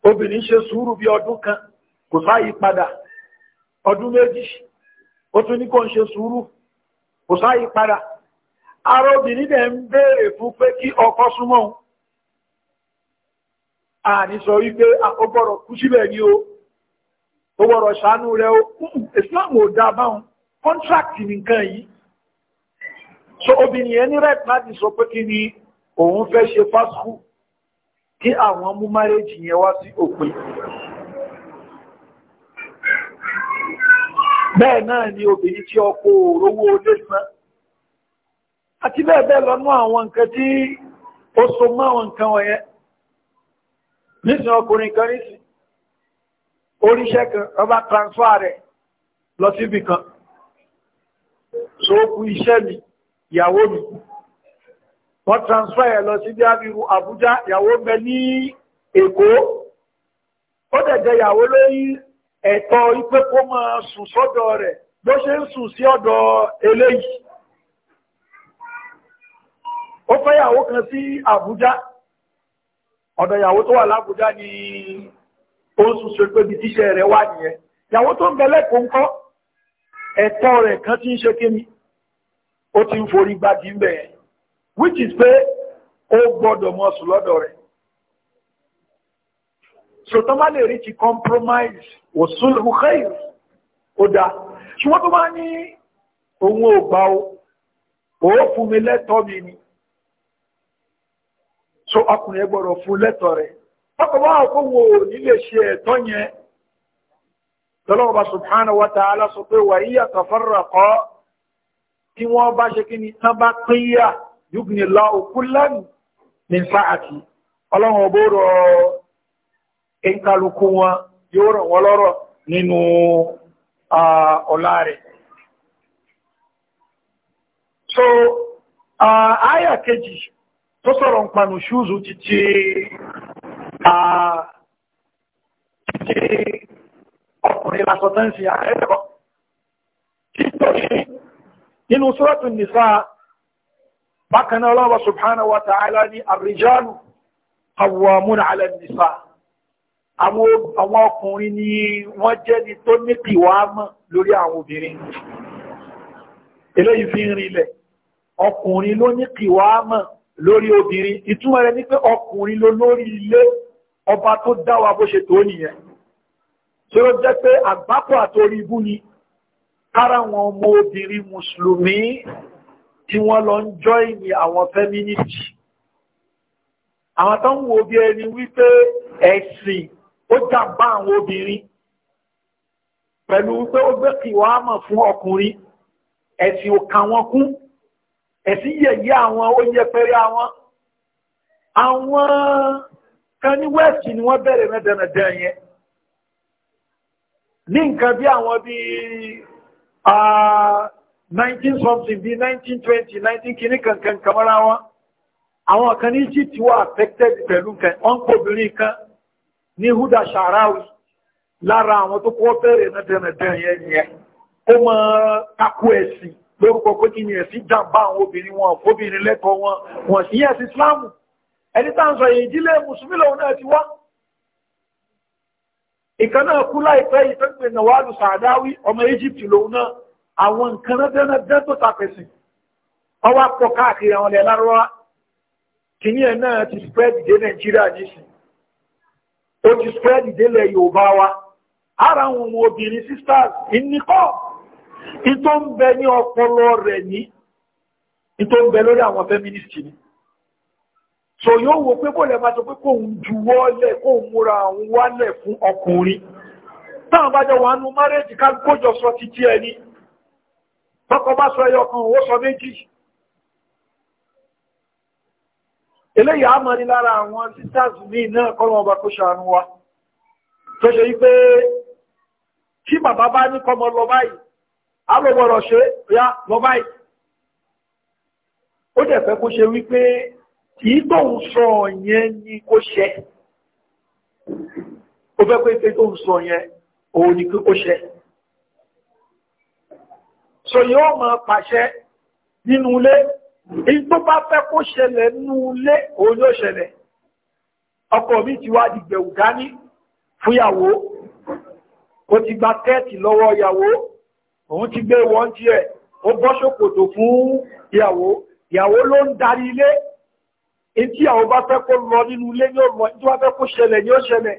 obìnrin ṣe sùúrù bí ọdún kan kò sáyí padà ọdún méjì ó tún ní kò ń ṣe sùúrù kò sáyí padà ara obìnrin dẹ̀ ń béèrè fún pé kí ọkọ súnmọ́ òun wípé ó gbọ́dọ̀ kú síbẹ̀ ni o ó gbọ́dọ̀ ṣàánú rẹ o hmm, Islam ò dá báwọn contract nìkan yìí so obìnrin yẹn ní rẹ̀ láti sọ pé kí ni òun fẹ́ ṣe fásitì kí àwọn mú márèjì yẹn wá sí òpin bẹ́ẹ̀ náà ni obìnrin tí ọkọ òrówó olé san àti bẹ́ẹ̀ bẹ́ẹ̀ lọ́nú àwọn nǹkan tí ó so mọ́ àwọn nǹkan wọ̀nyẹn nísìn ọkùnrin kan nísìn oríṣẹ́ kan ọba transfer rẹ̀ lọ síbì kan so kú iṣẹ́ mi ìyàwó mi wọ́n transfer ẹ̀ lọ sí bíábíru Àbújá ìyàwó bẹ ní Èkó ó dẹ̀jẹ̀ ìyàwó lórí ẹ̀tọ́ ipé kó máa sùn sọ́dọ̀ rẹ̀ bó ṣe ń sùn sí ọ̀dọ̀ eléyìí ó fẹ́ ìyàwó kan sí Àbújá ọ̀dọ̀ ìyàwó tó wà lábújá ni ó ń sùn sórí pé bí tíṣẹ́ rẹ̀ wà nìyẹn ìyàwó tó ń bẹ lẹ́kọ̀ọ́ ńkọ́ ẹ̀tọ́ rẹ̀ kan ti ń ṣe kí ó ti ń forí gbájú ń bẹ̀ẹ́ which is pé ó gbọ́dọ̀ mọ́ sùn lọ́dọ̀ rẹ̀ ṣòtọ́ má lè rí ti compromise òsùlù khair ó dá ṣùgbọ́n tó máa ní ohun ò gbá o ó fún mi lẹ́tọ́ mi ni so ọkùnrin gbọ́dọ̀ fún lẹ́tọ̀ rẹ̀ ọkọ̀ wá ọkọ̀ wo nílé ṣe ẹ̀tọ́ yẹn tọ́lọ́ọ̀bá subhanahu wa ta'ala sọ pé wà yíyà tafarraqa tí wọ́n bá ṣe kí ni tán bá pínyà yugni Allahu kullan min sa'ati ọlọ́run ọbọ̀ rọ ẹnkálukú wọn yóò rọ̀ wọ́n lọ́rọ̀ nínú ọlá rẹ̀ so àyà kejì tó sọ̀rọ̀ pàánù ṣúùzù títí ọkùnrin lásọ̀tẹ́ǹsì àẹ́rẹ̀kọ́ títọ̀ nínú Suratu Nisa bákan náà Allah subhanahu wa ta'ala ní ar-rijalu qawwamuna 'ala an-nisa àwọn ọkùnrin ni wọ́n jẹ́ ni tó nípì wá mọ̀ lórí àwọn obìnrin eléyìí fi ń rinlẹ̀ ọkùnrin ló nípì wá mọ̀ lórí obìnrin ìtumọ̀ rẹ̀ ní pé ọkùnrin ló lórí ilé ọba tó dáwà bó ṣe tó nìyẹn tí ó jẹ́ pé àgbápọ̀ àtorí ibú ni kára wọn ọmọ obìnrin mùsùlùmí tí wọ́n lọ ń jọ́ìnì àwọn feminist àwọn tó ń wo bí ẹni wípé ẹ̀sìn ó jàmbá àwọn obìnrin pẹ̀lú wípé ó gbé kìwà mọ̀ fún ọkùnrin ẹ̀sìn ò kà wọ́n kún ẹ̀sìn yẹ̀yẹ́ àwọn ó yẹpẹrẹ àwọn àwọn kan ní west ni wọ́n bẹ̀rẹ̀ mẹ́dẹ̀mẹ́dẹ̀ yẹn ní nǹkan bí àwọn bíi ah, 19 something bíi 1920 19 kìíní kankan kamara wa àwọn kan ní Egypt wà affected pẹ̀lú kan wọ́n kó obìnrin kan ní Huda Sharawi lára àwọn tó kọ́ bẹ̀rẹ̀ náà dẹ̀rẹ̀dẹ̀rẹ̀ yẹn yẹn ó máa takò ẹ̀sìn lórúkọ pé kí ni ẹ̀sìn jàǹbá àwọn obìnrin wọn fóbìnrin lẹ́kọ̀ọ́ wọn wọ́n sí ẹ̀sìn Islam ẹni tá à ń sọ èyí ìdílé mùsùlùmí lòun náà ti wá ìkan náà kú láìpẹ́ ìtọ́gbẹ̀ Nawalu Sàdáwí ọmọ Egypt lòun náà àwọn nǹkan rẹ́dẹ́rẹ́dẹ́ tó tàfẹ̀sìn ọwọ́ pọ̀ káàkiri àwọn ilẹ̀ lárọ́wá kìíní ẹ̀ náà ti spread dé nàìjíríà nísìn ó ti spread dé ilẹ̀ yorùbá wa ara àwọn ọmọ obìnrin sisters ìníkọ́ ìtò ń bẹ ní ọpọlọ rẹ̀ ní ìtò ń bẹ lórí àwọn feminist ni so yóò wo pé kò lè máa sọ pé kò ń juwọ́lẹ̀ kò ń múra àwọn wálẹ̀ fún ọkùnrin táwọn bá jẹ́ wàánu márẹ́jì ká sọ títí ẹni tọ́kọ bá sọ ẹyọ kan ó sọ méjì eléyìí a mọ́ ní lára àwọn sisters ní náà kọ́lọ̀ ọba kó ṣàánú wa tó ṣe yí pé tí bàbá bá ní kọmọ lọ báyìí a lọ gbọ́dọ̀ ṣe ya lọ báyìí ó dẹ̀ fẹ́ kó ṣe wípé kìí tóun sọ yẹn ni kó ṣe ó fẹ́ pé tó ń sọ yẹn òun ni kó ṣe so yóò máa pàṣẹ nínú ilé in tó bá fẹ́ kó ṣẹlẹ̀ nínú ilé òun yóò ṣẹlẹ̀ ọkọ mi ti wá di gbẹ̀wù dání fúyàwó ó ti gba kẹ́ẹ̀tì lọ́wọ́ ìyàwó òun ti gbé wọ́n tí ẹ̀ ó bọ́ ṣòkòtò fún ìyàwó ìyàwó ló ń darí ilé etí àwọn bá fẹ́ kó lọ nínú ilé ní ọ̀rọ̀ tí wọ́n fẹ́ kó ṣẹlẹ̀ ní ṣẹlẹ̀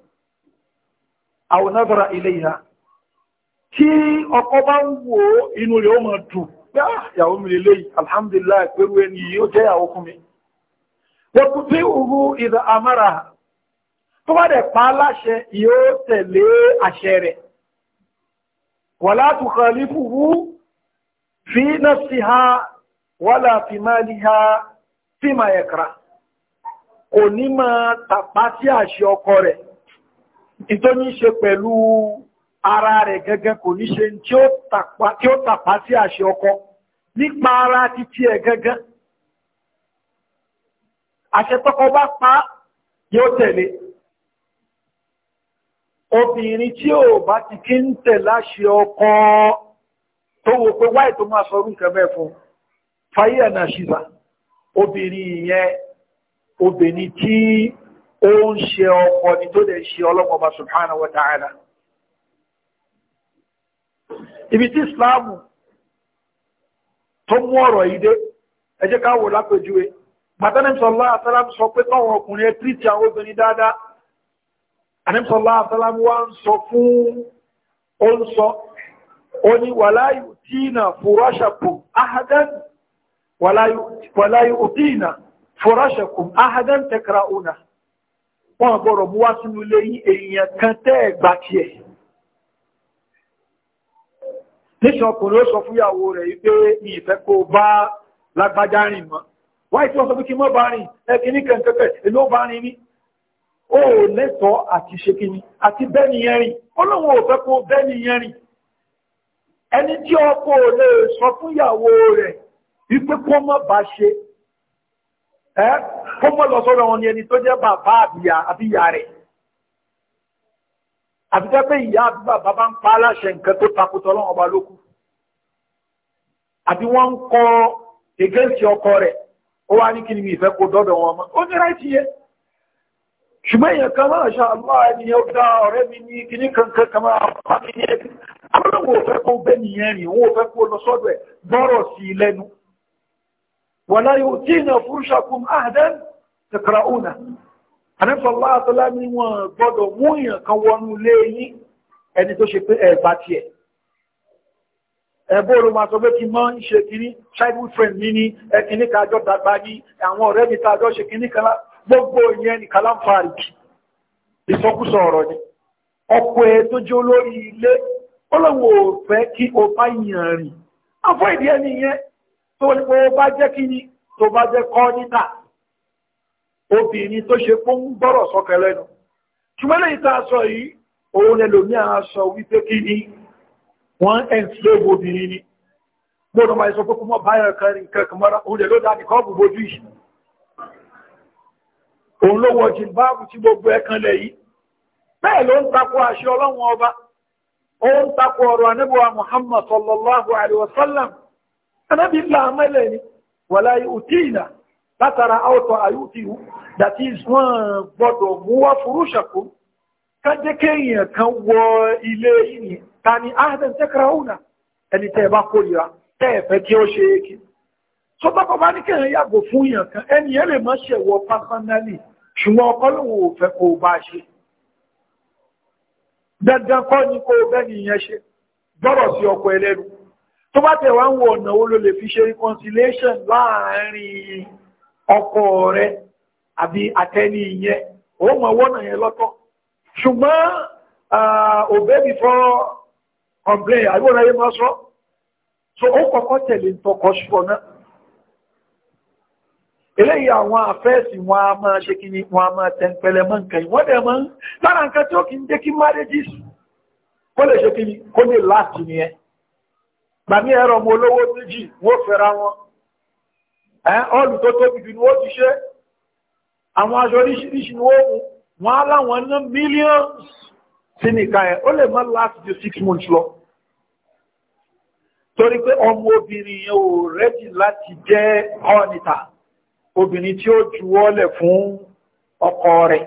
àwọn náà ilé ìhà tí ọkọ bá ń wò ó inú rẹ̀ ó mọ̀ dùn gbá ìyàwó mi lè alhamdulillah pẹ̀lú ẹni yóò jẹ́ ìyàwó fún mi wọ́n tún tí òru ìdá amára tó bá dẹ̀ pa láṣẹ yóò tẹ̀lé àṣẹ rẹ̀ wala tukhalifuhu fi nafsiha wala fi maliha fi ma yakra kò ní máa tàpá sí àṣẹ ọkọ rẹ̀ ìtò ní ṣe pẹ̀lú ara rẹ̀ gẹ́gẹ́ kò ní ṣe tí ó tàpá sí àṣẹ ọkọ nípa ara títí ẹ̀ gẹ́gẹ́ àṣẹ tọ́kọ bá pa yóò tẹ̀lé obìnrin tí ò bá ti kí ń tẹ̀ láṣẹ ọkọ tó wo pé wáì tó máa sọrú nǹkan bẹ́ẹ̀ fún fayé ẹ̀nà ṣìzà obìnrin ìyẹn obìnrin tí ó ń ṣe ọkọ ni tó dẹ̀ ṣe ọlọ́mọ ọba subhanahu wa ta'ala ibi tí islamu tó mú ọ̀rọ̀ yìí dé ẹ jẹ́ ká wò lápèjúwe gbàtánẹ́sọ̀lá àtàlámù sọ pé táwọn ọkùnrin ẹ tírìtì àwọn obìnrin dáadáa ànẹ́sọ̀lá àtàlámù wá ń sọ fún ó ń wọ́n gbọ́dọ̀ mú wá sínú ilé èèyàn kan tẹ́ ẹ̀gbà tí ẹ̀ níṣẹ́ ọkùnrin ó sọ fúyàwó rẹ̀ wípé ní ìfẹ́ kó bá lágbájá rìn mọ́ wáyé tí wọ́n sọ pé kí mọ́ bá rìn ẹ̀kì ní kẹ̀kẹ́kẹ́ èló bá rìn ní ó lẹ́tọ̀ọ́ àti ṣe kí ni àti bẹ́ni yẹn rìn ọlọ́run ò fẹ́ kó bẹ́ni yẹn rìn ẹni tí ọkọ lè sọ fúyàwó rẹ̀ wípé kó mọ́ bá ṣe ẹ́ kó mọ́ lọ sọ́dọ̀ wọn ni ẹni tó jẹ́ bàbá àbíyà àbíyà rẹ̀ àti jẹ́ pé ìyá àbí bàbá bá ń pa aláṣẹ nǹkan tó takùtọ̀ lọ́wọ́ ọba lókù àbí wọ́n ń kọ against ọkọ rẹ̀ ó wá ní kí ni ìfẹ́ kó dọ́dọ̀ wọn mọ́ ó ní ráìtì yẹ ṣùgbọ́n èèyàn kan máa ṣe àlọ́ ẹni ó dá ọ̀rẹ́ mi ní kíní kankan kan máa bá mi ní ẹbí àwọn fẹ́ kó bẹ́ nìyẹn rìn òun ò fẹ́ kó lọ sọ́dọ̀ ẹ̀ gbọ́rọ̀ sí i lẹ́nu wàlá yóò tí ì tẹkọrọ̀ọ́nà àníṣọ́lá àtọ́lá ní wọn gbọ́dọ̀ mú èèyàn kan wọnú ilé yín ẹni tó ṣe pé ẹ̀bá tiẹ̀ ẹ̀bọ́ olùmọ̀ sọ pé kí mọ́ ń ṣe kìíní childhood friend mi ní ẹkìní kájọ́ dàgbà ní àwọn ọ̀rẹ́ mi tàjọ́ ṣe kìíní kala gbogbo ìyẹn ní kalamfari ìsọkúsọ ọ̀rọ̀ ni ọkọ̀ ẹ̀ tó jẹ́ olórí ilé ó lóun ò fẹ́ kí o bá yàn rìn afọ́ ìdí ẹni yẹn tó bá jẹ́ kí ni tó bá jẹ́ kọ́ nítà obìnrin tó ṣe pó ń gbọ́rọ̀ sọ́kẹ́ lẹ́nu ṣùgbọ́n lẹ́yìn tá a sọ yìí òun ẹlòmí a sọ wípé kí ni wọ́n enslave obìnrin ni gbọ́dọ̀ máa sọ pé kó mọ́ báyọ̀ kẹrin kẹkẹ mọ́ra òun ló dá nìkan ọ̀bù òun ló wọ jìn báàbù tí gbogbo ẹ ọba ó ń ọ̀rọ̀ Muhammad sallallahu alaihi anábí ńlá amẹ́lẹ̀ ni wàláyé látara àwọ̀tọ̀ àyútìwú that is wọ́n gbọ́dọ̀ mú wá furúṣàkú kájẹ́kẹ́yìn kan wọ ilé yìí ta ni ahdan takrauna ẹni tẹ́ bá kórìíra tẹ́ẹ̀fẹ́ kí ó ṣe é kí tó bábọ̀ bá ní kẹ́yìn yàgò fún èèyàn kan ẹni yẹn lè má ṣẹ̀wọ̀ pásánálì ṣùgbọ́n ọkọ lòun ò fẹ́ kó bá ṣe dandan kọ́ ni kó bẹ́ni ìyẹn ṣe gbọ́rọ̀ sí ọkọ ẹlẹ́nu tó bá tẹ̀ wá ń wọ ọ̀nà wo ló lè fi ṣe reconciliation láàárín ọkọ rẹ àbí atẹ́ni yẹn ó mọ wọ́nà yẹn lọ́tọ̀ ṣùgbọ́n òbẹ́ mi fọ́ complain àbúrò ayé máa sọ so ó kọ́kọ́ tẹ̀lé tọkọ sọ náà eléyìí àwọn afẹ́ẹ̀sì wọn a máa ṣe kí ni wọn a máa tẹ̀ǹpẹ̀lẹ̀ mọ́ nǹkan ìwọ́n dẹ̀ mọ́ lára nǹkan tí ó kì í jẹ́ kí marriages kó lè ṣe kí ni kó lè láti nìyẹn gbàmí ọmọ olówó méjì wọn ọ́ọ̀lù tó tóbi jù ni ó ti ṣe àwọn aṣọ oríṣiríṣi ni ó mú wọn á láwọn ná millions sí nìka ẹ̀ ó lè má láti ju six months lọ torí pé ọmọ obìnrin yẹn ò rẹ́dì láti jẹ́ ọ́nìta obìnrin tí ó juwọ́lẹ̀ fún ọkọ rẹ̀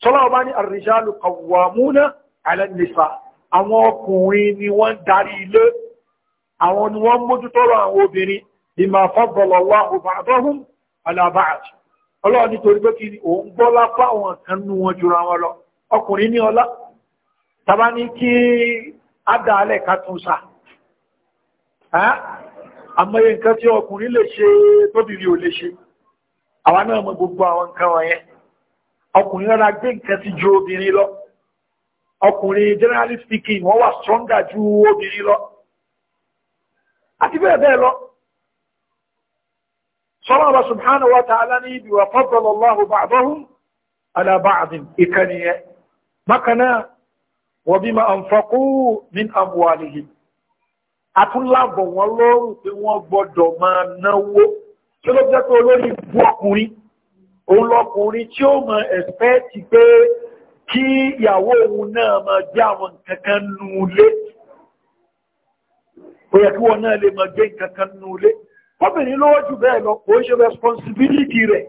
sọ́lá ọba ní ar-rijalu qawwamuna 'ala an-nisa àwọn ọkùnrin ni wọ́n darí ilé àwọn ni wọ́n mójútọ́rọ̀ àwọn obìnrin bima faddala Allahu ba'dahum ala ba'd ọlọ́run nítorí pé kí ni òun gbọ́ lápá àwọn kan nú wọn jura wọn lọ ọkùnrin ní ọlá tàbá ní kí á dá alẹ́ ká tún sá àmọ́yé nǹkan tí ọkùnrin lè ṣe tóbìnrin ò lè ṣe àwa náà mọ gbogbo àwọn nǹkan wọ̀nyẹn ọkùnrin rárá gbé nǹkan ti ju obìnrin lọ ọkùnrin generally speaking wọ́n wà stronger ju obìnrin lọ àti bẹ́ẹ̀ bẹ́ẹ̀ lọ sọ́rọ̀ ọba subhanahu wa ta'ala ní ibi wa faddala Allahu ba'dahum ala ba'din ìkànnìyẹ bákanáà wa bima anfaqu min amwalihim atúnlábọ̀ wọn lọ́rùn pé wọ́n gbọ́dọ̀ máa náwó tí ló jẹ́ pé olórí bú ọkùnrin òun lọkùnrin tí ó mọ ẹ̀spẹ́ẹ̀tì pé kí ìyàwó òun náà máa gbé àwọn nǹkan kan nù ulé ó yẹ kí wọn náà lè máa gbé nǹkan kan nù ulé kóbìnrin lówó jù bẹ́ẹ̀ lọ kò ṣe responsibility rẹ̀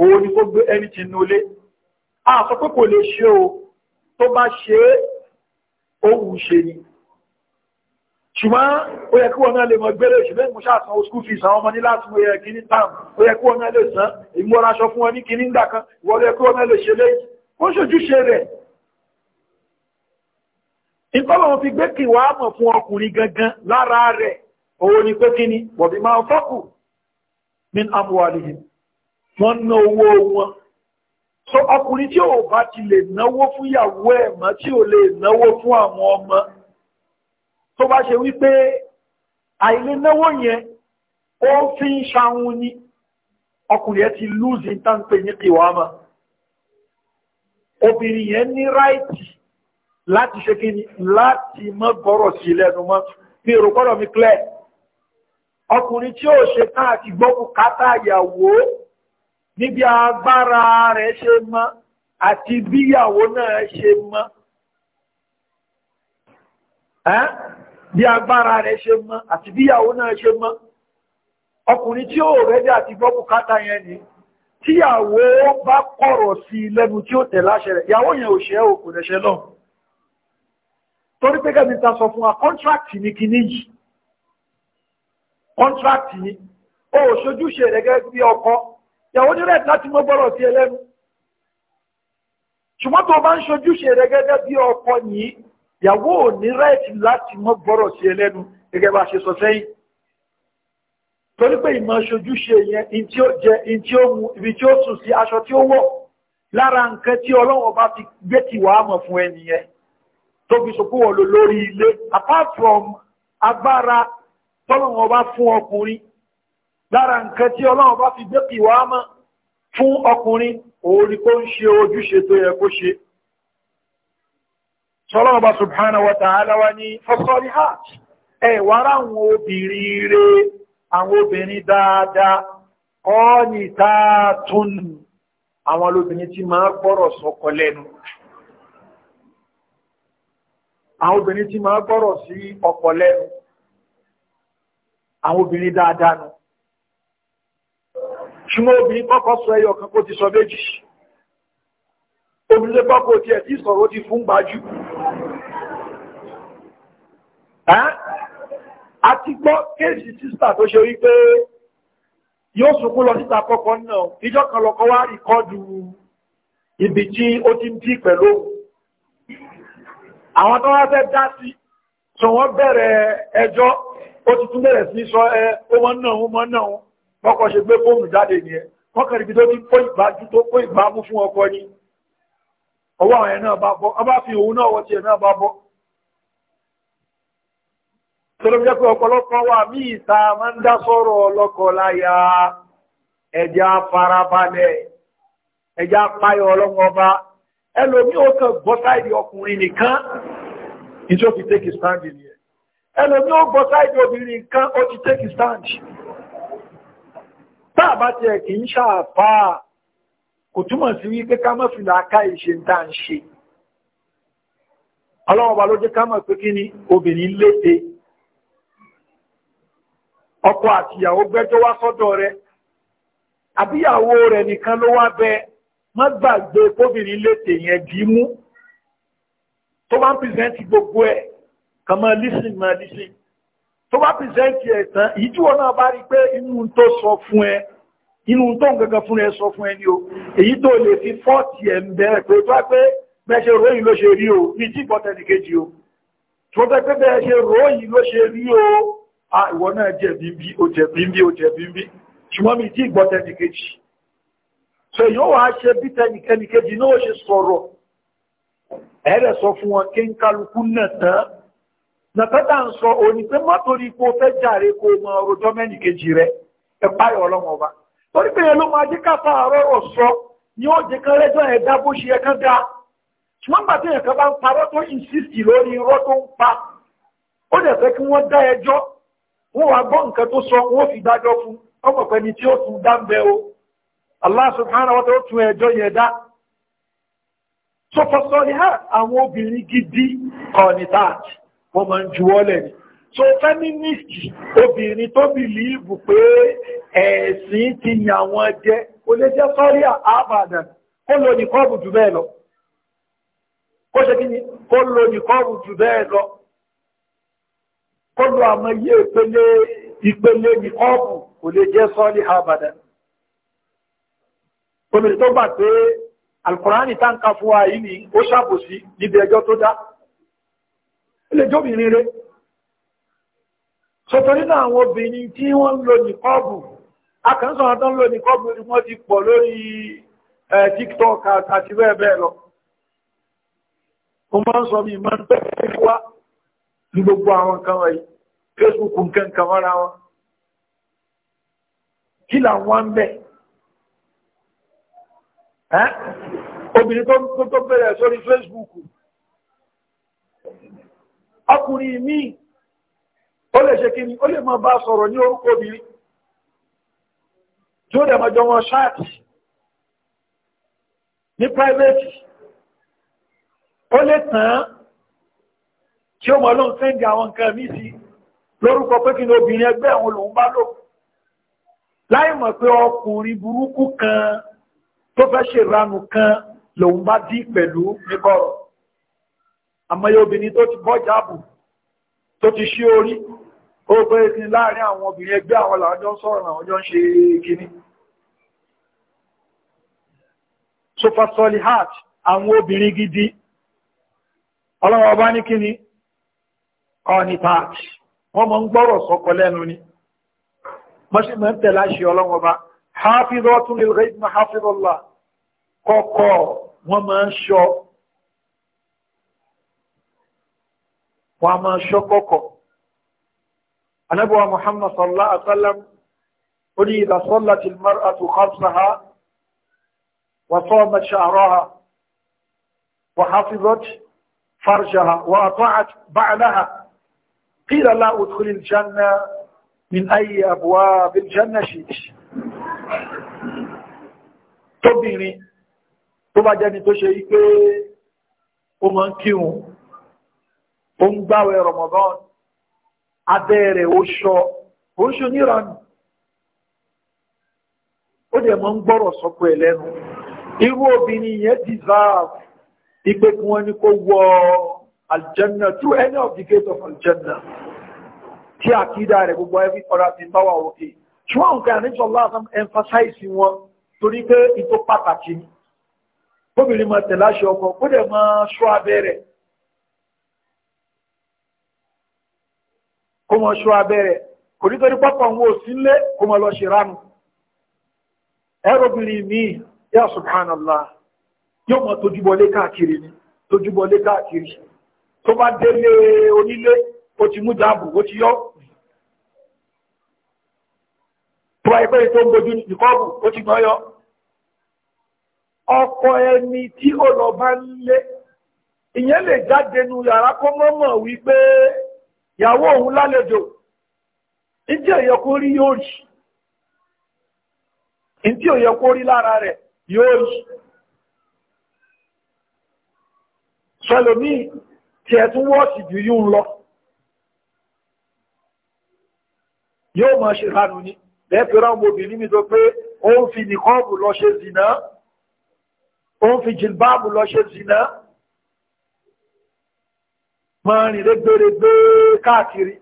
òun ni kó gbé ẹni tí nulé a sọ pé kò lè ṣe o tó bá ṣe é òun ṣe ni ṣùgbọ́n ó yẹ kí wọ́n náà lè mọ̀ gbére ṣùgbọ́n ìmú ṣàtàn ó skúl fìsàn ọmọ ní láti mọ̀ yẹ kí ní tàm ó yẹ kí wọ́n náà lè sán ìmúra aṣọ fún wọn ní kí ní ìgbà kan ìwọ́n yẹ kí wọ́n náà lè ṣe léyìí ó ṣojúṣe rẹ̀ ìtọ́lọ̀ fi gbé kí wàá mọ̀ fún ọkùnrin gangan lára rẹ̀ owó ni pé kí ni wọ̀bí máa fọ́kù ní amúwàlìyìn wọ́n ná owó wọn so ọkùnrin tí ò bá ti lè náwó fún ìyàwó ẹ̀ mọ́ tí ò lè náwó fún àwọn ọmọ tó bá ṣe wípé àìlè náwó yẹn ó fi ń ṣahun ni ọkùnrin ẹ ti lúzi táǹpé ní kìwàmà obìnrin yẹn ní ráìtì láti ṣe kí ni láti mọ́ gbọ́rọ̀ sí lẹ́nu mọ́ bí èrò gbọ́dọ̀ mi clear ọkùnrin tí ó ṣe tán àti gbọ́kù kátà ìyàwó níbi agbára rẹ̀ ṣe mọ́ àti bíyàwó náà ṣe mọ́ bí agbára rẹ̀ ṣe mọ́ àti bíyàwó náà ṣe mọ́ ọkùnrin tí ó rẹ́dẹ̀ àti gbọ́kù kátà yẹn ni tíyàwó bá kọ̀rọ̀ sí lẹ́nu tí ó tẹ̀ láṣẹ rẹ̀ ìyàwó yẹn ò ṣe é òkùnrin ṣe lọ́hùn torí pé gẹ́gẹ́ bí ta sọ fún wa kọ́ńtrákì ní kinní yìí kọ́ńtrákì yín o ò ṣojúṣe rẹ̀ gẹ́gẹ́ bí ọkọ ìyàwó ní rẹ̀ láti mọ́ gbọ́rọ̀ sí ẹlẹ́nu ṣùgbọ́n tó o bá ń ṣojúṣe rẹ̀ gẹ́gẹ́ bí ọkọ yìí ìyàwó ò ní rẹ̀ẹ̀tì láti mọ́ gbọ́rọ̀ sí ẹlẹ́nu gẹ́gẹ́ bá ṣe sọ sẹ́yìn torí pé ìmọ̀ ṣojúṣe yẹn in tí ó jẹ in tí ó mu ibi tí ó sùn sí aṣọ tí ó wọ̀ lára nǹkan tí ọlọ́wọ́ bá ti gbé ti wàá mọ̀ fún ẹnìyẹn tó fi sòkúwọ̀ lórí ilé apart from agbára tọ́lọ́wọ́ ọba fún ọkùnrin lára nǹkan tí ọlọ́wọ́ bá fi gbé mọ́ fún ọkùnrin òórí kó ń ṣe ojúṣe tó yẹ kó ṣe sọ́lọ́wọ́ bá subhanahu wa aláwá n'i ní fọ́sọ́rí hajj ẹ̀wà ráwọn obìnrin rẹ̀ àwọn obìnrin dáadáa ọ́nì tààtún àwọn olóbìnrin tí máa gbọ́rọ̀ sọ́kọ lẹ́nu àwọn obìnrin dáadáa nù ṣùgbọ́n obìnrin kọ́kọ́ sọ ẹyọ kan kó ti sọ méjì obìnrin kọ́kọ́ ti ẹ̀ tí sọ̀rọ̀ ti fún gbájú àti gbọ́ kéèsì sísà tó ṣe wípé yóò sunkún lọ síta kọ́kọ́ náà ìjọ kan lọ́kọ́ wá rìkọ́dù ibi tí ó ti ń bí pẹ̀lú àwọn tó wá fẹ́ dá sí tí wọ́n bẹ̀rẹ̀ ẹjọ́ ó ti tún bẹ̀rẹ̀ sí sọ ẹ ó mọ́ náà ó mọ́ náà ọkọ̀ ṣe gbé fóònù jáde ní ẹ wọ́n kẹ̀rì bí tó ti kó ìgbájú tó kó ìgbámú fún ọkọ̀ ni ọwọ́ àwọn ẹ̀ náà bá bọ́ ọba fi òun náà wọ́n ti ẹ̀ náà bá bọ́ tó jẹ́ pé ọ̀pọ̀lọpọ̀ wà bí ìta máa ń dá sọ́rọ̀ ọlọ́kọ̀ láyà ẹja farabalẹ̀ ẹja páyọ ọlọ́mọba ẹlòmí ó kàn gbọ́ sáìdì ọkùnrin nìkan ìjọ́ fi tẹ́kì sáàdì ni ẹlòmí ó gbọ́ sáìdì obìnrin kan ó ti take stand táà bá tiẹ̀ kì í ṣàfáà kò túmọ̀ sí wípé ká mọ̀ fìlà ká ìṣe ń tà ń ṣe ọlọ́wọ́ wa ló jẹ́ ká mọ̀ pé kí ni obìnrin léde ọkọ àtìyàwó gbẹ́jọ́ wá sọ́dọ̀ rẹ̀ àbíyàwó rẹ̀ nìkan ló wá bẹ má gbàgbé kóbìnrin léde yẹn dì í mú tó bá ń pìrìsẹ́ǹtì gbogbo ẹ̀ kàn máa lísìn máa lísìn tó bá pìsẹ́ǹtì ẹ̀ tán èyí tí wọn náà bá rí pé inú tó sọ fún ẹ inú tó ń gẹ́gẹ́ fún ẹ sọ fún ẹ ní o èyí tó lè fi fọ́ọ̀tì ẹ̀ ń bẹ̀rẹ̀ pé tó pé bẹ́ẹ̀ ròyìn ló ṣe rí o ní tí ìbọ̀tẹ̀ nìkejì o tó pé pé bẹ́ẹ̀ ròyìn ló ṣe rí o ìwọ náà jẹ̀bi bí o jẹ̀bi bí o jẹ̀bi bí ṣùgbọ́n mi tí ìgbọ́tẹ̀ nìkejì so yóò wá ṣe bí tẹnìkejì náà ṣe sọ̀rọ̀ ẹ̀rẹ̀ sọ fún wọn kí ń kálukú náà tán nàtọ́dà ń sọ òní pé mọ́tò rí kó fẹ́ jàre kó mọ ọrọ̀jọ́ mẹ́nì kejì rẹ ẹ̀pá páyọ̀ ọlọ́run ọba torí pé ló máa ọ̀rọ̀ sọ ni ó jẹ́ kán ẹ̀ dá bó ṣe ẹ̀kan dá ṣùgbọ́n gbà tí bá ń parọ́ tó insist lórí irọ́ tó ń pa ó dẹ̀ fẹ́ kí wọ́n dá ẹjọ́ wọ́n wá gbọ́ nǹkan tó sọ wọ́n fi dájọ́ fún ọmọ wọ́n máa ń juwọ́lẹ̀ ni so feminist obìnrin tó bìlíìbù pé ẹ̀sìn ti yàn wọ́n jẹ kò lè jẹ́ sọ́rí àbàdàn kó lo nìkọ́ọ̀bù jù bẹ́ẹ̀ lọ kó ṣe kí ni kó lo nìkọ́ọ̀bù jù bẹ́ẹ̀ lọ kó lo àmọ́ iye ìpele ìpele nìkọ́ọ̀bù kò lè jẹ́ sọ́rí àbàdàn obìnrin tó gbà pé alukurani tá ń ka fún wa yìí ni ó ṣàbòsí níbi ẹjọ́ tó dá ilé jóbìnrin rẹ̀ sọ̀tọ̀rí náà àwọn obìnrin tí wọ́n ń lo nìkọ́ọ̀bù akẹ́sàn àtọ́ ń lo nìkọ́ọ̀bù ni wọ́n ti pọ̀ lórí TikTok àti bẹ́ẹ̀ bẹ́ẹ̀ lọ mo máa ń sọ mi máa ń tẹ́lẹ̀ wá ní gbogbo àwọn nǹkan wọ̀nyí Facebook nǹkan kan mọ́ra wọn kí làwọn ń bẹ̀ obìnrin tó bẹ̀rẹ̀ sórí Facebook ọkùnrin míì ó lè ṣe kíni ó lè máa bá sọ̀rọ̀ ní orúkọ obìnrin tí ó dẹ̀ máa wọn ṣáàtì ní private ó lè tàn án tí ó mọ̀ ló ń sẹ́ndì àwọn nǹkan mí sí lórúkọ pé kí ni obìnrin ẹgbẹ́ àwọn lòun bá lò láì mọ̀ pé ọkùnrin burúkú kan tó fẹ́ ṣèrànù kan lòun bá dí pẹ̀lú níbọ̀rọ̀ àmọ́yé obìnrin tó ti bọ́jà ààbò tó ti ṣí orí ó pé ní láàrin àwọn obìnrin ẹgbẹ́ àwọn làájọ́ sọ̀rọ̀ àwọn jọ ń ṣe kíní sofasoli heart àwọn obìnrin gidi ọlọ́wọ́ ọba ní kíní ọ̀nìta wọ́n mọ́ ń gbọ́rọ̀ sọ́kọ lẹ́nu ni mọ́ṣí mọ́ ń tẹ̀lá ṣe ọlọ́wọ́ wọn a máa ṣọ́kọ̀kọ̀ anábọ̀wá muhammad sallallahu alaihi wa sallam ó ní idha sallat al-mar'atu khamsaha wa samat shahraha wa hafizat farjaha wa ata'at ba'laha qila laha udkhuli al-janna min ayyi abwab al-janna shi'ti tóbìnrin tó bá jẹ́ni tó ṣe wípé ó máa ń ó ń gbáwẹ̀ Ramadan abẹ́ rẹ̀ ó ṣọ ó ń ṣoníranù ó dẹ̀ mọ́ ń gbọ́rọ̀ sọ́kọ ẹ̀ lẹ́nu irú obìnrin yẹn deserve ipe kí wọ́n ní kó wọ aljanna through any of the gates of aljanna tí àkídà rẹ̀ gbogbo every other thing bá wà òkè ṣùgbọ́n nǹkan àníṣọ́ láàrín emphasize wọn torí pé ìtó pàtàkì ni obìnrin máa tẹ̀láṣẹ ọkọ kó dẹ̀ máa ṣọ́ abẹ́ rẹ̀ kó mọ ṣọ́ kò nítorí pọ́pọ̀ sí kó mọ lọ ṣe ránu ẹrọbìnrin mi yà subhanallah yóò mọ tójúbọlé káàkiri ni tójúbọlé káàkiri tó bá délé onílé ó ti mú jáàbù ó ti yọ tó bá yẹ tó ń bojú nìkọ́ọ̀bù ti ọkọ ẹni tí ó lọ bá ń lé ìyẹn lè jáde nu yàrá kó mọ́mọ́ wípé ìyàwó òun lálejò ìdí òyẹ kó rí yóò rí ìdí òyẹ kó rí lára rẹ̀ yóò rí sọlọ̀mí tí ẹ tún wọ́ọ̀sì jù yíò ń lọ yóò máa ṣe ránù ní lẹ́fẹ́ràn obìnrin mi tó pé ó ń fi nìkọ́ọ̀bù lọ ṣe zìnà ó ń fi jìlbáàbù lọ ṣe zìnà máa rìn lẹ́gbẹ̀rẹ̀gbẹ̀ káàkiri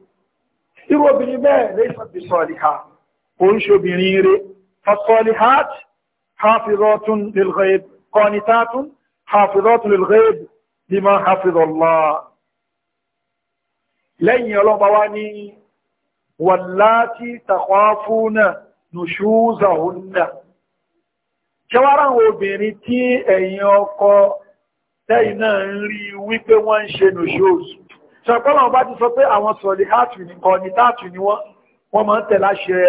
irú obìnrin bẹ́ẹ̀ lẹ́sàbí sọ́ọ̀lìhà kò ń ṣobìnrin rẹ̀ fasọ́ọ̀lìhàt hafizatun lil ghaib qanitatun hafizatun lil ghaib bima hafizallah lẹ́yìn ọlọ́ba wá ní wàláti takhafuna nushuzahunna ṣẹwàrá obìnrin tí ẹ̀yin ọkọ tẹ́yìn náà ń rí wípé wọ́n ń ṣe nòṣóòsù ṣàpọ́lọ̀ bá ti sọ pé àwọn sọ̀lì hàtù ní kọ́ni táàtù ni wọ́n wọ́n máa ń tẹ̀ láṣẹ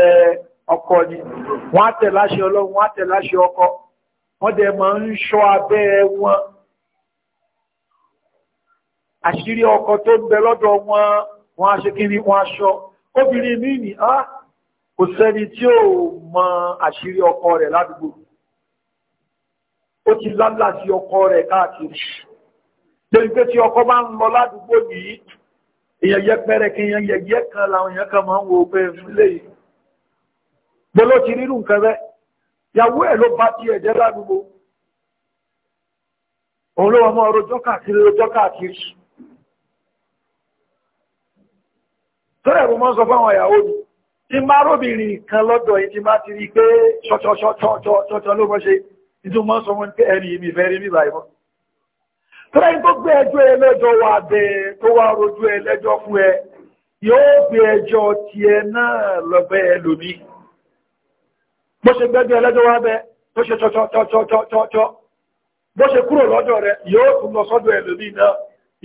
ọkọ ni wọ́n á tẹ̀ láṣẹ ọlọ́run wọ́n á tẹ̀ láṣẹ ọkọ wọ́n dẹ̀ máa ń ṣọ́ abẹ́ wọn àṣírí ọkọ tó ń bẹ lọ́dọ̀ wọn wọ́n á ṣe kí ni wọ́n á ṣọ́ obìnrin mi ni ah, kò sẹ́ni tí ò mọ àṣírí ọkọ rẹ̀ ládùúgbò ó ti lálà sí ọkọ rẹ̀ káàkiri lórí pé tí ọkọ bá ń lọ ládùúgbò yìí èèyàn yẹpẹrẹ kí èèyàn yẹyẹ kan làwọn èèyàn kan máa ń wo pé ilé yìí gbolo ti rírù nǹkan bẹ́ẹ̀ yàwó ẹ̀ ló bá tiẹ̀ jẹ́ ládùúgbò òun ló wà mọ́ ọrọ̀jọ́ káàkiri ọjọ́ káàkiri tọ́lẹ̀ mo máa ń sọ fáwọn ìyàwó mi tí máa róbìnrin kan lọ́dọ̀ yìí ti máa ti rí pé ṣọ́ṣọ́ṣọ́ṣọ́ṣọ́ ló mọ́ ṣe ìtò mọ́ sọ wọn pé ẹni mi fẹ́ rí mi báyìí mọ́ tọ́lá yìí tó gbé ẹjọ́ ẹlẹ́jọ́ wà bẹ́ tó wá rojú ẹlẹ́jọ́ fún ẹ yóò gbé ẹjọ́ tiẹ̀ náà lọ́gbẹ́ ẹlòmí bó ṣe gbẹ́jọ́ ẹlẹ́jọ́ wà bẹ́ tó ṣe tọ́tọ́tọ́tọ́tọ́ bó ṣe kúrò lọ́dọ̀ rẹ yóò tún lọ sọ́dọ̀ ẹlòmí náà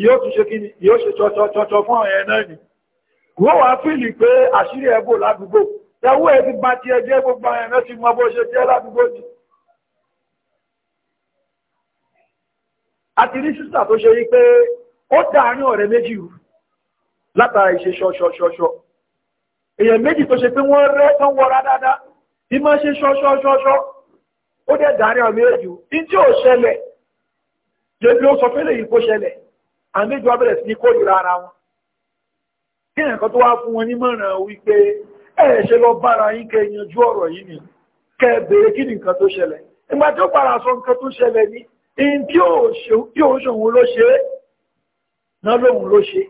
yóò tún ṣe kíni yóò ṣe tọ́tọ́tọ́tọ́ fún àwọn ẹ̀ náà ni wọ́n wá fìlì pé àṣírí ẹ̀bò ládùúgbò ẹwọ́ ẹ̀ ti bá ti ẹjẹ́ gbogbo àwọn ẹ̀ náà ti mọ bó ṣe jẹ́ ládùúgbò yìí àti rí sísà tó ṣe yí pé ó dáàrin ọ̀rẹ́ méjì rú látara ìṣe ṣọṣọṣọṣọ èèyàn méjì tó ṣe pé wọ́n rẹ́ tán wọra dáadáa bí máa ṣe ṣọṣọṣọṣọ ó dẹ̀ dáàrin ọ̀rẹ́ méjì rú ní tí ò ṣẹlẹ̀ jẹ́bi ó sọ pé lè yí kó ṣẹlẹ̀ àmẹ́jọ abẹ́rẹ̀ sí ní kórìíra ara wọn kí ẹ̀kọ́ tó wá fún wọn nímọ̀ràn wípé ẹ̀ ṣe lọ bára yín kẹ́ yanjú ọ̀rọ̀ yìí ni kẹ́ bèèrè kí ni tó ṣẹlẹ̀ ìgbà tí ó para sọ nǹkan tó ṣẹlẹ̀ ní in tí ó ṣòun ló ṣe náà lóhun ló ṣe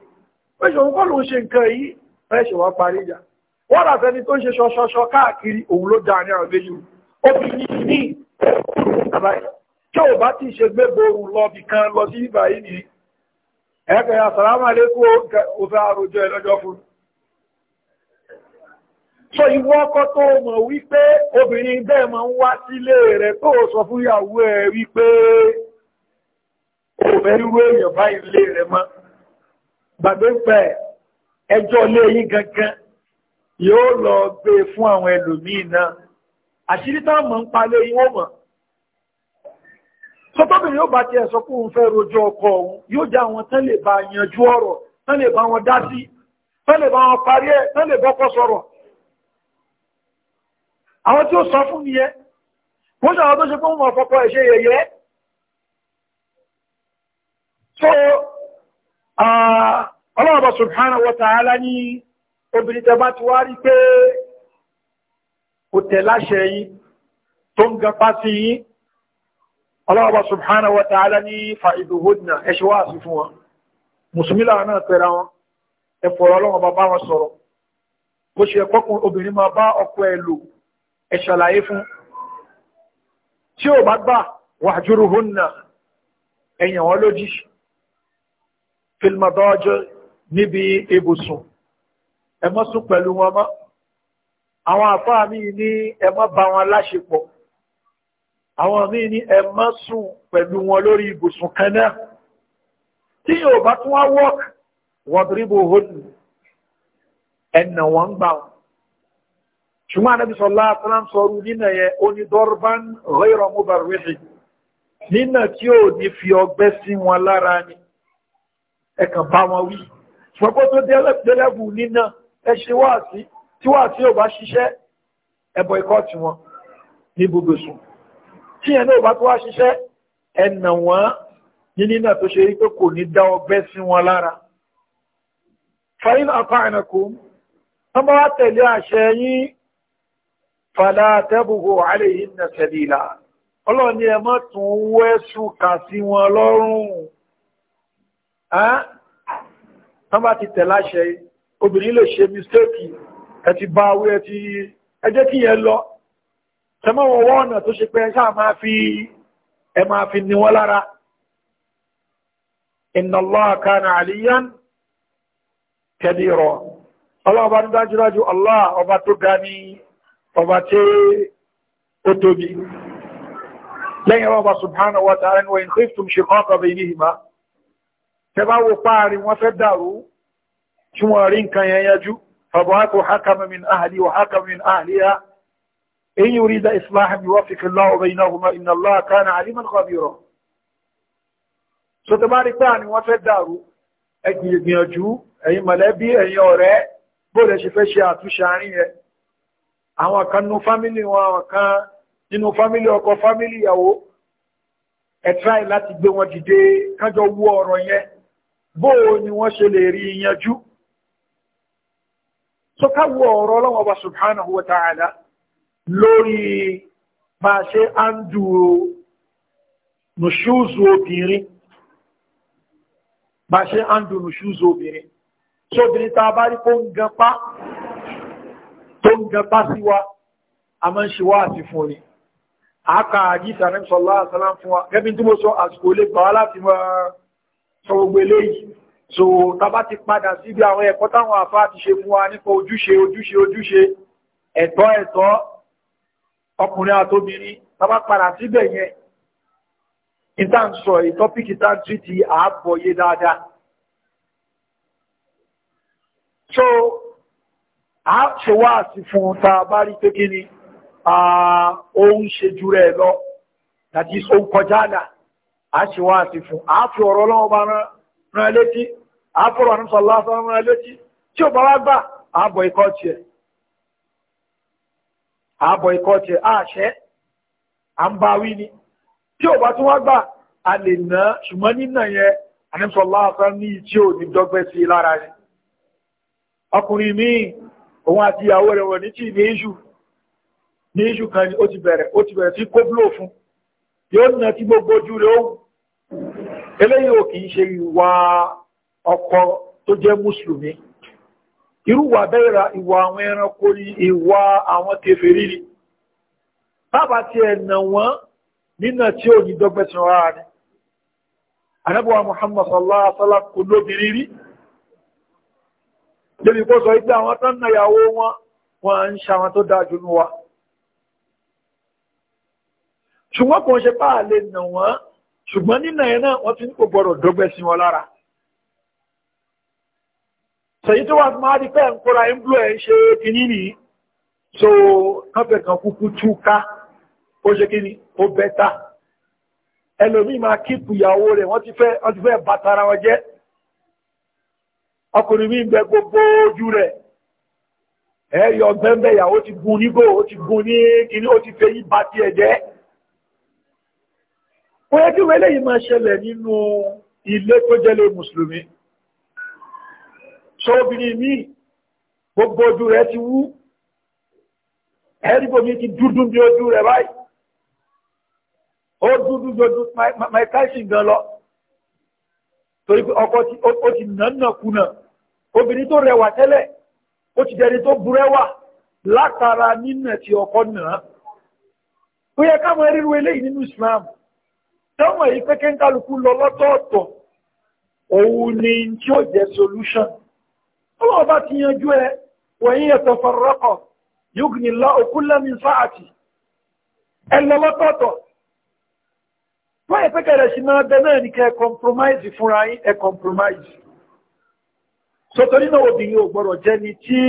pé ṣòun kọ́ ló ń ṣe nǹkan yìí ẹ̀ṣẹ̀ wá parí ìjà wọ́n rà fẹ́ni tó ń ṣe ṣọṣọṣọ káàkiri òun ló dáa ní àwọn méjì ó fi ní ní tí ò bá ti ṣe gbé borun lọ bì kan lọ sí ibà yìí nìyí ẹ̀ẹ́kẹ̀ẹ́ àsàlámù àlékún òfin àròjọ ẹ̀ fún un so ìwọ ọkọ tó mọ̀ wípé obìnrin bẹ́ẹ̀ máa ń wá sílé rẹ̀ tó sọ fún ìyàwó ẹ̀ wípé òmẹ́rú èèyàn báyìí lé rẹ̀ mọ́ gbàgbé pẹ̀ ẹjọ́ lé yín gangan yóò lọ gbé e fún àwọn ẹlòmíì náà àṣírí táwọn mọ̀ ń palé yín ó mọ̀ sọtọ́bìnrin yóò bá tiẹ̀ sọ pé òun fẹ́ rojọ́ ọkọ òun yóò jẹ́ àwọn tán lè bá yanjú ọ̀rọ̀ tán lè bá wọn dá sí tán lè bá wọn parí ẹ̀ tán lè bọ́kọ́ sọ̀rọ̀ àwọn tí ó sọ fún nìyẹn wọ́n sọ àwọn tó ṣe fún wọn fọ́pọ̀ ẹ̀ṣẹ́ yẹ̀yẹ́ so ọlọ́ọ̀bọ̀ subhanahu wa ta'ala ní obìnrin tẹ bá ti wá rí pé kò tẹ̀ láṣẹ yìí tó ń gapá sí yìí ọlọ́ọ̀bọ̀ subhanahu wa ta'ala ní ẹ ṣàlàyé fún tí ò bá gbà wahjuruhunna ẹ̀yàn wọn lójì fil madaji níbi ibùsùn ẹ má sùn pẹ̀lú wọn mọ́ àwọn àfáà míì ní ẹ má bá wọn láṣepọ̀ àwọn míì ní ẹ pẹ̀lú wọn lórí ibùsùn kan tí ò bá tún wá wọ́ọ̀kì wadribuhunna ẹ̀nà wọn gbà wọn ṣùgbọ́n anábì sọ̀lá àtàrán sọ̀rọ̀ nínà yẹ onídọ́rbán ghayra mubarrihi nínà tí ó ní fi ọgbẹ́ sí wọn lára ni ẹkàn bá wọn wí ṣùgbọ́n tó délẹ́bù nínà ẹ ṣe wáàsí tí wáàsí ò bá ṣiṣẹ́ ẹbọ ikọ́ tí wọn ní gbogbo sùn tí yẹn náà ò bá tó wá ṣiṣẹ́ ẹnà wọn ní nínà tó ṣe rí pé kò ní dá ọgbẹ́ sí wọn lára fàyín àpá ànàkùn wọ́n bá wá tẹ̀lé àṣẹ yín fàlá tẹ́bùgbò àlèyìn nà sẹ̀lìlà ọlọ́run ni ẹ má tún wẹ́sùn kà sí wọn lọ́rùn tán bá ti tẹ̀ láṣẹ obìnrin lè ṣe mistéèkì ẹ ti bá awé ẹ ti ẹ jẹ́ kí yẹn lọ tẹmọ́ ọ̀nà tó ṣe pé Allah ọba tó ga ní ọba tí ó tóbi lẹ́yìn ọba subhanahu wa ta'ala wa in khiftum shiqaqa baynihima tẹbá wo páàrí wọ́n fẹ́ dàrú tí wọ́n rí nǹkan yẹn yájú fàbọ̀hákò hakama min ahli wa hakama min ahliha in yurida ẹgbìyànjú ẹ̀yin mọ̀lẹ́bí ẹ̀yin ọ̀rẹ́ bóòdẹ̀ ṣe fẹ́ ṣe àtúnṣe àárín yẹn àwọn kan nínú fámílì wọn àwọn kan nínú fámílì ọkọ fámílì ìyàwó ẹ̀tíráì láti gbé wọn dìde kájọ wú ọ̀rọ̀ yẹn bóò ni wọ́n ṣe lè rí yanjú so káwọ ọ̀rọ̀ ọlọ́wọ́ bá subhanahu wa ta'ala lórí bá ṣe á ń dúró nùṣúzù obìnrin bá ṣe á ń dúró nùṣúzù obìnrin so obìnrin ta bá rí kó ń gan pa tó ń gapá sí wa a máa ń ṣe wá àti fún ni àáka àjíṣà ní sọ́lá àsálá fún wa gẹ́bí tí mo sọ àsìkò lè gbà láti máa sọ gbogbo eléyìí so tàbá ti padà síbi àwọn ẹ̀kọ́ táwọn àfá ti ṣe fún wa nípa ojúṣe ojúṣe ojúṣe ẹ̀tọ́ ẹ̀tọ́ ọkùnrin àtobìnrin tàbá padà síbẹ̀ yẹn ìta ń sọ ìtọ́pìkì tá tí ti àábọ̀yé dáadáa so a ṣe wá sí fún ta bá rí pé kí ni ó ń ṣe jù rẹ̀ lọ tàbí ó ń kọjá àlà a ṣe wá sí fún a fi ọ̀rọ̀ ọlọ́wọ́ bá rán létí a fọ̀rọ̀ àrùn sọ̀lá rán létí tí ò bá wá gbà a bọ̀ ikọ́ ni tí ò bá tún wá gbà ọkùnrin míì òun àti ìyàwó rẹ̀ wọ̀ ní tí ní iṣu ní iṣu kan ni ó ti bẹ̀rẹ̀ ó ti bẹ̀rẹ̀ sí kóbúlò fún yóò nà tí gbogbo ojú rẹ̀ ó eléyìí ò kìí ṣe ìwà ọkọ tó jẹ́ mùsùlùmí irúwà bẹ́ẹ̀ra ìwà àwọn ẹranko ni ìwà àwọn kèfèrí ni ti ẹ̀nà wọn nínà tí ò ní ni anábọ̀wà Muhammad sallallahu alaihi kò lóbìnrin débi kó sọ ipé àwọn tán náà yàwó wọn wọ́n ń ṣàwọn tó dájú ní wa ṣùgbọ́n kò ń ṣe páà lè nà wọ́n ṣùgbọ́n nínà ẹ̀ náà wọ́n ti ní kò gbọ́dọ̀ dọ́gbẹ́ sí wọn lára sẹ̀yí tó wà fún máa rí pẹ́ ń kóra ń blú ẹ̀ ń ṣe kìíní nìyí so káfẹ́ kan kúkú túká ó ṣe kí ni ó bẹ́ta ẹlòmíì máa kíìpù ìyàwó rẹ̀ wọ́n ti fẹ́ bàtara wọn jẹ́ ọkùnrin mi ń bẹ gbogbo ojú rẹ̀ ẹ̀yọ gbẹ́m̀bẹ̀ ìyàwó ti gun nígbò ó ti gun ní kìíní ó ti fẹ́ yí bá ti ẹ̀jẹ́ ó yẹ kí wẹ́lẹ̀ yìí máa ṣẹlẹ̀ nínú ilé tó jẹ́lé mùsùlùmí so obìnrin mi gbogbo ojú rẹ̀ ti wú ẹ̀rígbò mi ti dúdú bí ojú rẹ̀ báyìí ó dúdú bí ojú Mike Tyson gan lọ torí pé ọkọ ti nànà kùnà obìnrin tó rẹwà tẹ́lẹ̀ ó ti dẹni tó burẹ́wà látara nínú ẹ̀tì ọkọ náà ó yẹ káwọn ríru eléyìí nínú Islam tẹ́wọ̀n èyí pé kéńkálukú lọ lọ́tọ̀ọ̀tọ̀ òun ni tí ó jẹ́ solution ọlọ́wọ́ bá ti yanjú ẹ wẹ̀yìn ẹ̀tọ́ fọ̀rọ̀kọ̀ yóò lá òkúlẹ́mí sáàtì ẹ lọ lọ́tọ̀ọ̀tọ̀ wọ́n yẹ pé kẹrẹ̀ sí máa bẹ náà ní kẹ́ compromise fúnra yín ẹ compromise sótórí náà obìnrin ò gbọ́dọ̀ jẹ́ ni tí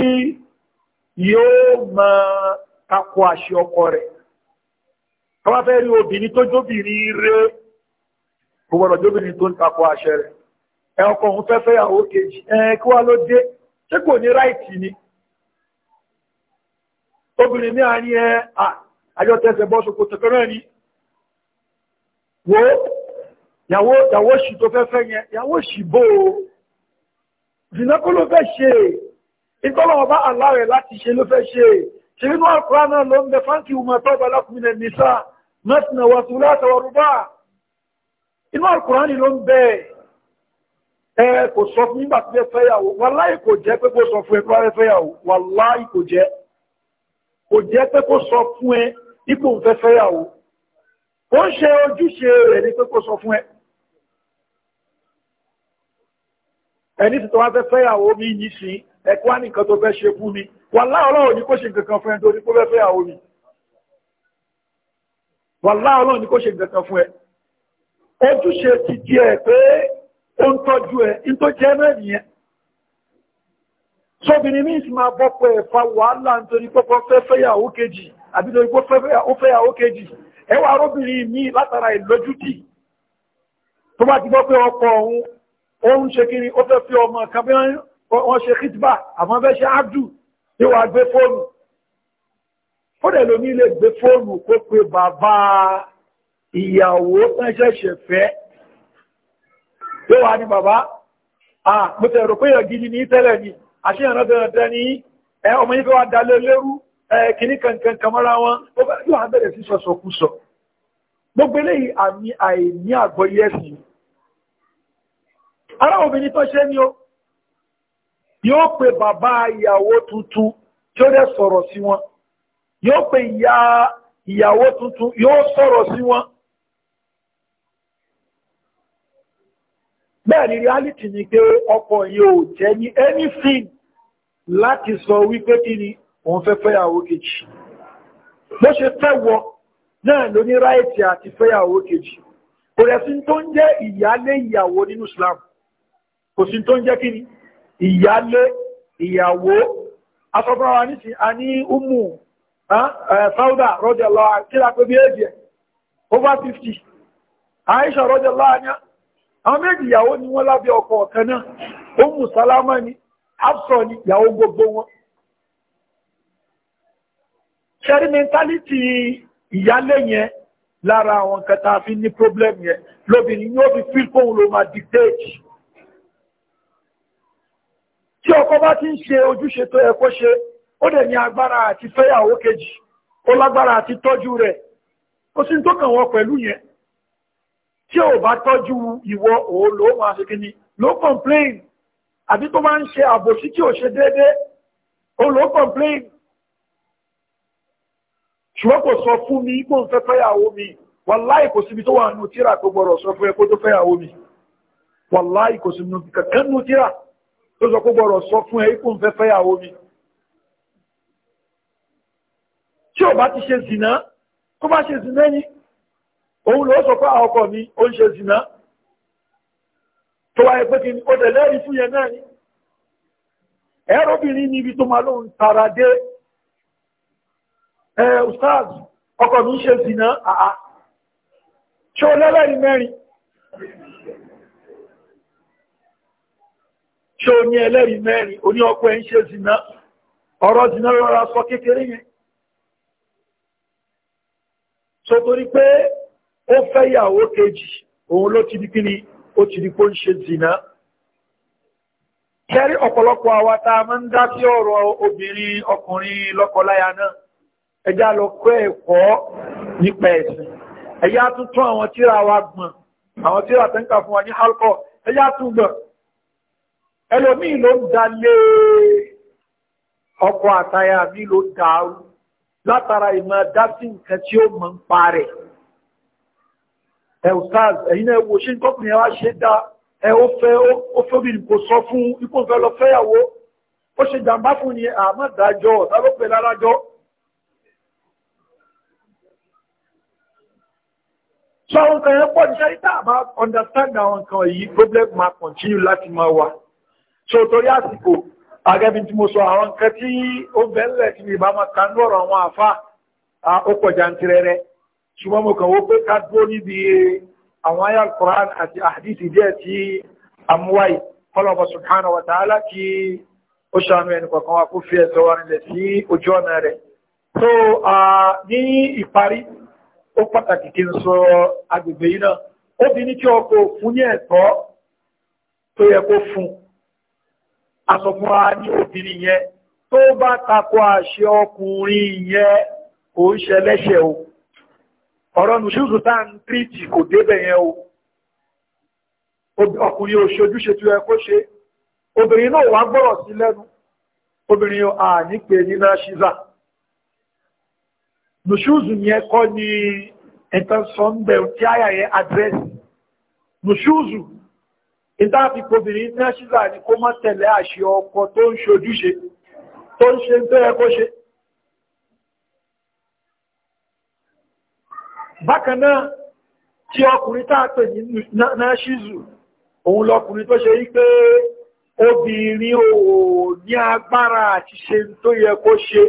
yóò ma takò àṣẹ ọkọ rẹ̀ káwá fẹ́ rí obìnrin tó jóbìnrin rẹ̀ kò gbọ́dọ̀ jóbìnrin tó ń takò àṣẹ rẹ̀ ẹ ọkọ fẹ́ fẹ́yàwó kejì ẹ wá ló dé ṣé kò ní ráìtì ni obìnrin ní àárín ẹ àjọ tẹsẹ̀ bọ́ ṣokò tẹ̀kọ́ náà ni wo yàwó yàwó ṣì tó fẹ́ fẹ́ yẹn yàwó ṣì bó zinako ló fẹ́ ṣe ìtọ́lọ́wọ́ bá aláwẹ̀ láti ṣe ló fẹ́ ṣe ṣe nínú Al-Qur'an náà ló ń bẹ fáńkì umar tó bá lakum minan nisa masna wa thulatha wa ruba inú Al-Qur'an ni ló ń bẹ ẹ kò sọ fún nígbà tí fẹ́yàwó wàláì kò kò jẹ́ pé kò sọ fún ẹ ẹni tí tó wá fẹ́ fẹ́yàwó mi yìí sí ẹkú wá nìkan tó fẹ́ ṣe fún mi wàláhì Ọlọ́run ní kó ṣe nǹkan kan fún ẹ torí kó fẹ́ fẹ́yàwó mi wàláhì Ọlọ́run ní kó ṣe nǹkan kan fún ẹ ojúṣe ti di ẹ pé ó ń tọ́jú ẹ ń tó jẹ́ náà nìyẹn sóbìnrin míì sì máa bọ́pọ̀ ẹ̀ fa wàhálà nítorí pọ́pọ́ fẹ́ fẹ́yàwó kejì àbí torí pọ́ fẹ́yàwó kejì ẹwà arọ́bìnrin míì látara ìlójútì tó bá ti gbọ́ pé ọkọ òun ó ń ṣe kí ni ó fẹ́ fi ọmọ kan bí wọ́n ṣe kìtìbà àmọ́ fẹ́ ṣe áàdù tí wàá gbé fóònù ó dẹ̀ lómi lè gbé fóònù kó pe bàbá ìyàwó tán ṣẹ̀ṣẹ̀ tí wàá ní bàbá mo tẹ̀ rò pé èèyàn gidi ní tẹ́lẹ̀ ni àṣeyàn náà tẹ̀lẹ̀ tẹ́ ní ọmọ yìí fẹ́ kamara wọn yóò á bẹ̀rẹ̀ sí sọ̀sọ̀kúsọ̀ gbogbo eléyìí àmì àìní ará obìnrin tó ṣe ni ó yóò pe bàbá ìyàwó tuntun tí ó dẹ̀ sọ̀rọ̀ sí wọn yóò pe ìyá ìyàwó tuntun yóò sọ̀rọ̀ sí wọn bẹ́ẹ̀ ni reality ni pé ọkọ yìí ò jẹ́ ní anything láti sọ wípé kí ni òun fẹ́ fẹ́yàwó kejì bó ṣe fẹ́ wọ náà ló ní ráìtì àti fẹ́yàwó kejì kò rẹ̀ sí tó ń jẹ́ ìyálé ìyàwó nínú Islam kò sí tó ń jẹ́ kí ni ìyálé ìyàwó asọ́fúnra wa ní sí umu sauda radiyallahu anha kílá pé bí èjì over 50 aisha radiyallahu anha àwọn méjì ìyàwó ni wọ́n lábẹ́ ọkọ ọ̀kan náà umu salama ni absọ ni ìyàwó gbogbo wọn ṣẹ́rí mentality ìyálé yẹn lára àwọn kẹta fi ní problem yẹn lóbìnrin yóò fi fíl fóun ló dictate tí ọkọ bá ti ń ṣe ojúṣe tó yẹ kó ṣe ó dẹ̀ ní agbára àti fẹ́yàwó kejì ó lágbára àti tọ́jú rẹ̀ ó sì ń tó kàn wọ́n pẹ̀lú yẹn tí ò bá tọ́jú ìwọ òun ló ṣe kí ni ló complain àbí tó máa ń ṣe àbòsí tí ò ṣe déédéé òun ló complain ṣùgbọ́n kò sọ fún mi kó n fẹ́ fẹ́yàwó mi wàláì kò síbi tó wà nù tíra tó gbọ́dọ̀ sọ fún ẹ kó tó fẹ́yàwó mi wàláì kò síbi kankan nù tíra tó sọ pé gbọ́dọ̀ sọ fún ẹ ikú ń fẹ́ fẹ́yàwó mi tí ò bá ti ṣe zìnà kó bá ṣe zìnà ẹni òun ló sọ pé àwọn mi ó ń ṣe zìnà tó wáyé pé kí ni ó tẹ̀lé ẹ̀rí fún yẹn náà ni ẹ̀rọbìnrin níbi tó máa lóun tara dé ẹ̀ ustaz ọkọ mi ń ṣe zìnà àá ṣé o lẹ́lẹ́rìí mẹ́rin ṣé o ní ẹlẹ́rìí mẹ́rin o ní ọkọ ẹ̀ ń ṣe zìnà ọ̀rọ̀ zìnà rọra sọ kékeré yẹn so torí pé ó fẹ́ yàwó kejì òun ló ti di kí ni ó ti di kó ń ṣe zìnà kẹ́rí ọ̀pọ̀lọpọ̀ àwa máa ń dá sí ọ̀rọ̀ obìnrin ọkùnrin lọ́kọláya náà ẹjá lọ kọ́ ẹ̀kọ́ nípa ẹ̀sìn ẹjá tún àwọn tíra wa gbọ̀n àwọn tíra tẹ́ǹkà fún wa ní alcohol ẹjá tún gbọ̀n ẹlòmíì ló ń dalé ọkọ̀ àtayà mi ló dàrú látara ìmọ̀ dásí nǹkan tí ó mọ̀ ń pa rẹ̀ ẹ̀wùsáàz ẹ̀yìn náà wo ṣe ń kọ́kùnrin ẹ̀ wá ṣe dá ẹ ó fẹ́ ó fẹ́bìnrin kò sọ fún ipò ń fẹ́ lọ fẹ́yàwó ó ṣe jàǹbá fún ni àmọ́dájọ́ tábọ́pẹ̀ lárájọ́ sọ àwọn kan yẹn pọ̀ ní ṣáyítà bá understand àwọn kan yìí problem ma continue láti máa wà so torí àsìkò agẹ́bí tí mo sọ àwọn nǹkan tí ó bẹ̀rẹ̀ tí mi máa ka ní ọ̀rọ̀ àwọn àfa ó jantirẹrẹ ṣùgbọ́n mo kàn wó pé ká dúró níbi àwọn ayé alukoran àti àdìsí díẹ̀ tí amúwáyì ó ṣàánú ẹni asọ̀fún wa ní obìnrin yẹn tó bá takọ àṣẹ ọkùnrin yẹn kò ń ṣe lẹ́ṣẹ̀ o ọ̀rọ̀ nùṣùsù tá ń tírìtì kò débẹ̀ yẹn o ọkùnrin ò ṣojúṣe tí ẹ kó ṣe obìnrin náà wá gbọ́rọ̀ sí lẹ́nu obìnrin à ní pé nínú ṣíza nùṣùsù yẹn kọ́ ni ẹ̀tàn sọ́ńbẹ̀ tí àyà yẹn àdírẹ́sì nùṣùsù ìtàbí kòbìnrin ní ṣílá ní kó má tẹ̀lé àṣẹ ọkọ tó ń ṣojúṣe tó ń ṣe tó yẹ kó ṣe bákan náà tí ọkùnrin tààtò ní náà ṣízù òun lọkùnrin tó ṣe rí pé obìnrin ò ní agbára àti ṣe tó yẹ kó ṣe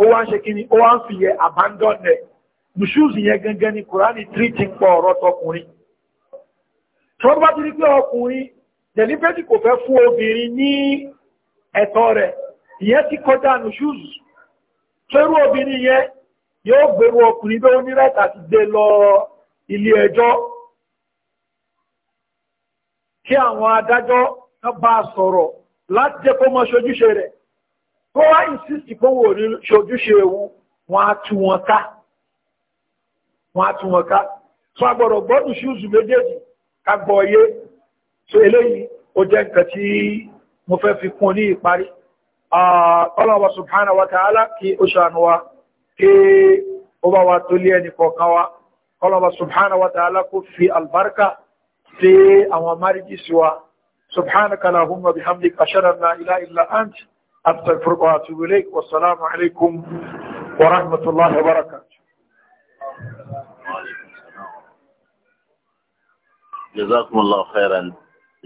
ó wá ń ṣe kí ni ó wá ń fìyẹ abandon mùsùlùmí yẹn gangan ni kùránì 3 ti ń pọ̀ ọ̀rọ̀ tọkùnrin tó bá ti rí pé ọkùnrin deliberately kò fẹ́ fún obìnrin ní ẹ̀tọ́ rẹ̀ ìyẹn ti kọjá nù ṣúùzù fẹ́rú obìnrin yẹn yóò gbèrú ọkùnrin bẹ́ẹ̀ onírẹ́ta ti gbé lọ ilé ẹjọ́ kí àwọn adájọ́ bá sọ̀rọ̀ láti jẹ́ kó mọ́ ṣojúṣe rẹ̀ tó á tú wọn ká wọn á tú méjèèjì kágbọ́ yé so eléyìí ó jẹ́ nǹkan tí mo fẹ́ fi kún ní ìparí ọlọ́wọ́ subhanahu wa ta'ala kí ó ṣàánú wa kí ó bá wa tó lé ẹni kọ̀ọ̀kan wa ọlọ́wọ́ subhanahu wa ta'ala kó fi albarka sí àwọn márìjì sí wa subhanaka allahumma bihamdik ashhadu an la ant astaghfiruka wa atubu ilayk alaikum wa rahmatullahi wa barakatuh جزاكم الله خيرا